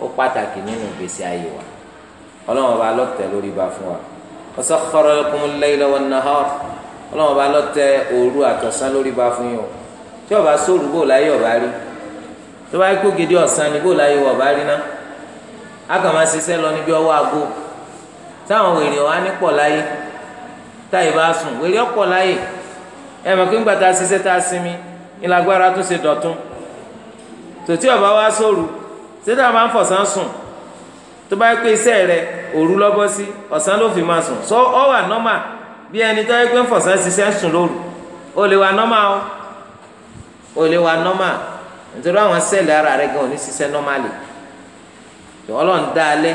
ó pàtàkì nínú ìgbésí ayé wa ọlọ́wọ́n bá lọ́tẹ̀ lórí ba fún wa wasakhkhara lakumul layla wan nahar ọlọ́wọ́n bá lọ́tẹ̀ òru àtọ̀sán lórí ba fún yín o tí ọba sóòrù bò láyé ọba rí tó bá kó gidi ọ̀sán ni bò láyé ọba rí ná akàmá ṣiṣẹ́ lọ níbi ọwọ́ aago táwọn wèrè wa ní pọ̀ láyé táyì bá sùn wèrè ọ̀pọ̀ láyé ẹ mọ̀ kí ń gbà tá tá a sinmi ìlàgbára tó ṣe dọ̀tún tòtí ọba wa sóòrù ṣédá máa ń fọ̀sán sùn tó bá yẹ pé iṣẹ́ rẹ òru lọ́bọ́ sí ọ̀sán ló fi máa sùn sọ ọ wà nọ́mà bí ẹni tó yẹ pé ń fọ̀sán ṣiṣẹ́ ń sùn lóru ó lè wà nọ́mà o ó lè wà nọ́mà nítorí àwọn sẹ́ẹ̀lì ara rẹ gan ò ní ṣiṣẹ́ nọ́màlì ọlọ́run dá alẹ́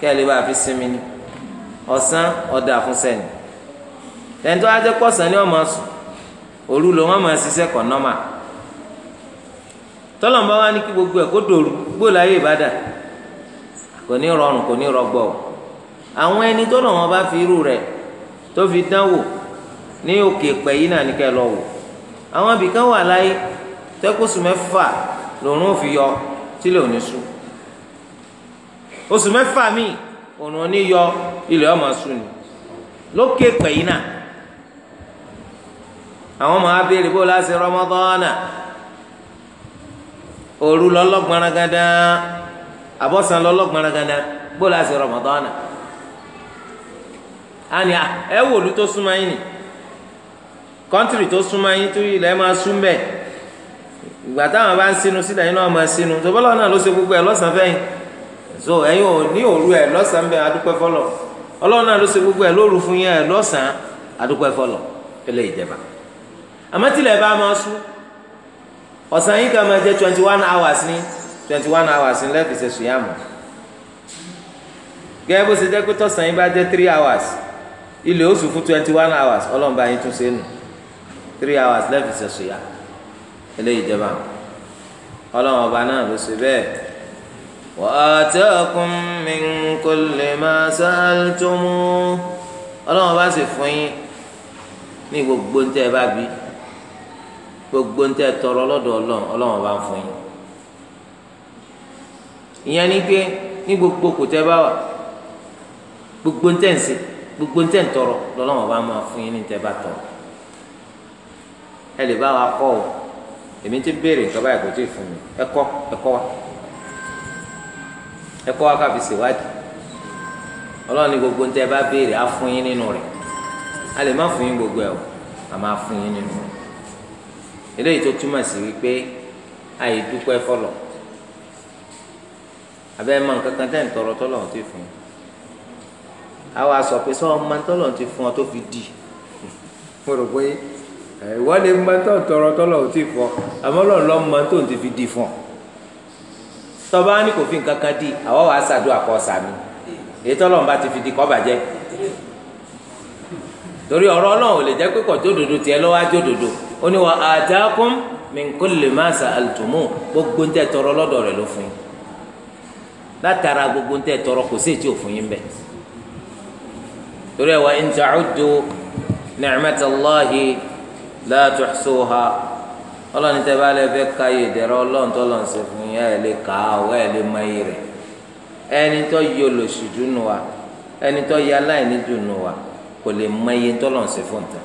kí ẹ lè bá a fi sinmi ni ọ̀sán ọ̀dà fún sẹ́ni ẹni tó wá jẹ́ pọ̀sán ni wọ́n máa sùn òru ló wọ́n máa ṣiṣẹ́ kọ̀ nọ́mà tọ́lọ̀ bá wá ní kí gbogbo ẹ̀ kó dòrú gbó láyé ìbàdà kò ní rọrùn kò ní rọgbọ o àwọn ẹni tọ́lọ̀ wọn bá fi irú rẹ̀ tó fi dán wò ní òkè pẹ̀ yìí náà ní kẹ́ lọ wò àwọn ibìkan wà láyé tẹ́kọ̀sù mẹ́fà lòrùn ò fi yọ tílẹ̀ òní sùn oṣù mẹ́fà míì òrùn òní yọ ilẹ̀ ọmọ sùn ni lókè pẹ̀ yìí náà àwọn ọmọ abẹ́rẹ́ bó láti rọmọdọ́nà òru lọ́lọ́gbọ̀nrangandá àbọ̀sán gada bóòlù àti rọmọdọ́nà àní ẹ wò olú tó súnmọ́ yín ni kọ́ńtìrì tó súnmọ́ yín tó ilẹ̀ máa sún bẹ́ẹ̀ ìgbà táwọn bá ń sinu sílẹ̀ yín náà máa sinu tó náà ló ṣe gbogbo ẹ̀ lọ́sàn-án fẹ́yìn so ẹ̀yin ò ní òru ẹ̀ lọ́sàn-án bẹ́ẹ̀ adúpẹ́ fọlọ́ ọlọ́run náà ló ṣe gbogbo ẹ̀ lóru fún yín ọ̀sán yìí kàn máa jẹ́ twenty one hours ní twenty one hours ní lẹ́ẹ̀fì ṣe sùyàmù gẹ́gẹ́ bó ṣe jẹ́ pé tọ̀sán yìí bá jẹ́ three hours ilé oṣù fún twenty one hours ọlọ́mọba yín tún ṣe nù three hours lẹ́ẹ̀fì ṣe sùyàmù eléyìí jẹ́ báwọn ọlọ́mọba náà ló ṣe bẹ́ẹ̀. وآتاكم من كل ما سألتموه ọlọ́run bá sì fún yín ní gbogbo ntẹ́ bá bí gbogbo ntẹ tọrọ lọ́dọ̀ Ọlọ́run Ọlọ́run bá ń fún yín ìyẹn ni pé ní gbogbo kò bá wà gbogbo ń tẹ gbogbo ń tẹ ń bá máa fún yín ní bá tọrọ ẹ lè bá wa kọ o èmi ti béèrè gbogbo bá béèrè á a lè má a máa eléyìí tó túmọ̀ sí wípé àyè dúpẹ́ fọlọ̀ abẹ́ mọ nǹkan tẹ́ ń tọrọ tọ́lọ̀ ti fún un àwa sọ pé sọ tọ́lọ̀ ti fún ọ tó fi di mo rò pé ìwọ lè ń tọrọ tọ́lọ̀ ti fún ọ àmọ́ lọ́n lọ́ mọ fi di fún tọ́ba kò di wàá kọ́ sàmì èyí tọ́lọ̀ di kọ́ bàjẹ́ torí ọ̀rọ̀ Ọlọ́run ò lè jẹ́ pé jódodo ó ní wa ataakum min kulli ma sa'altumu gbogbo ń tẹ́ tọrọ lọ́dọ̀ rẹ̀ ló fún yín látara gbogbo ń tẹ́ tọrọ kò sí ètí òfin yín bẹ́ẹ̀ torí ẹ̀ wa in ta'uddu ni'matallahi la tuhsuha ọlọ́ni tẹ́ bá lẹ fẹ́ ka yìí dẹ̀rọ ọlọ́run tó lọ́n ṣe fún yín ẹ̀ lè kà á ọ̀ ẹ̀ lè mọ iye rẹ̀ ẹni tó yọ lòṣì wa ẹni tó yọ aláìní dùnú wa kò lè mọ iye tó lọ́n ṣe fún tán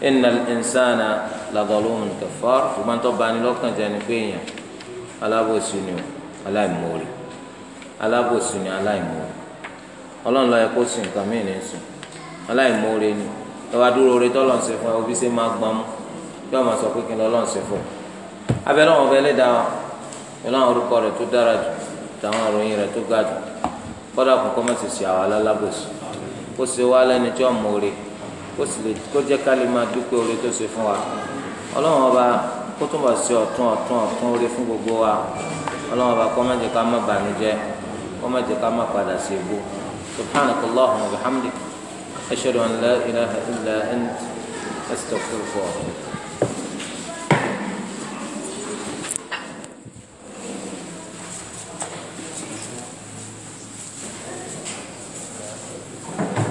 innal insana lazalumun kafar ṣùgbọ́n tó bá ní lọ́kàn jẹ́ ni pé ni aláìmoore alábòsí aláìmoore ọlọ́run ló yẹ kó sìn nǹkan ní sùn aláìmoore ni fún ẹ ṣe máa gbọ́n mú sọ pé kí fún lé àwọn orúkọ tó dára jù tó ga jù kọ́dà kò kọ́ mọ́ ṣe àwọn alábòsí kó ṣe wá lẹ́ni tí kó sì lè kó jẹ́ ká lè máa dúpẹ́ oore tó ṣe fún wa ọlọ́run ọba kó tún bọ̀ sí ọ̀tún ọ̀tún ọ̀tún oore fún gbogbo wa ọlọ́run ọba kó má jẹ́ ká má bànújẹ́ kó má jẹ́ ká má padà sí ibú subhanaka allahumma wa bihamdik ashhadu an la ilaha illa ant astaghfiruka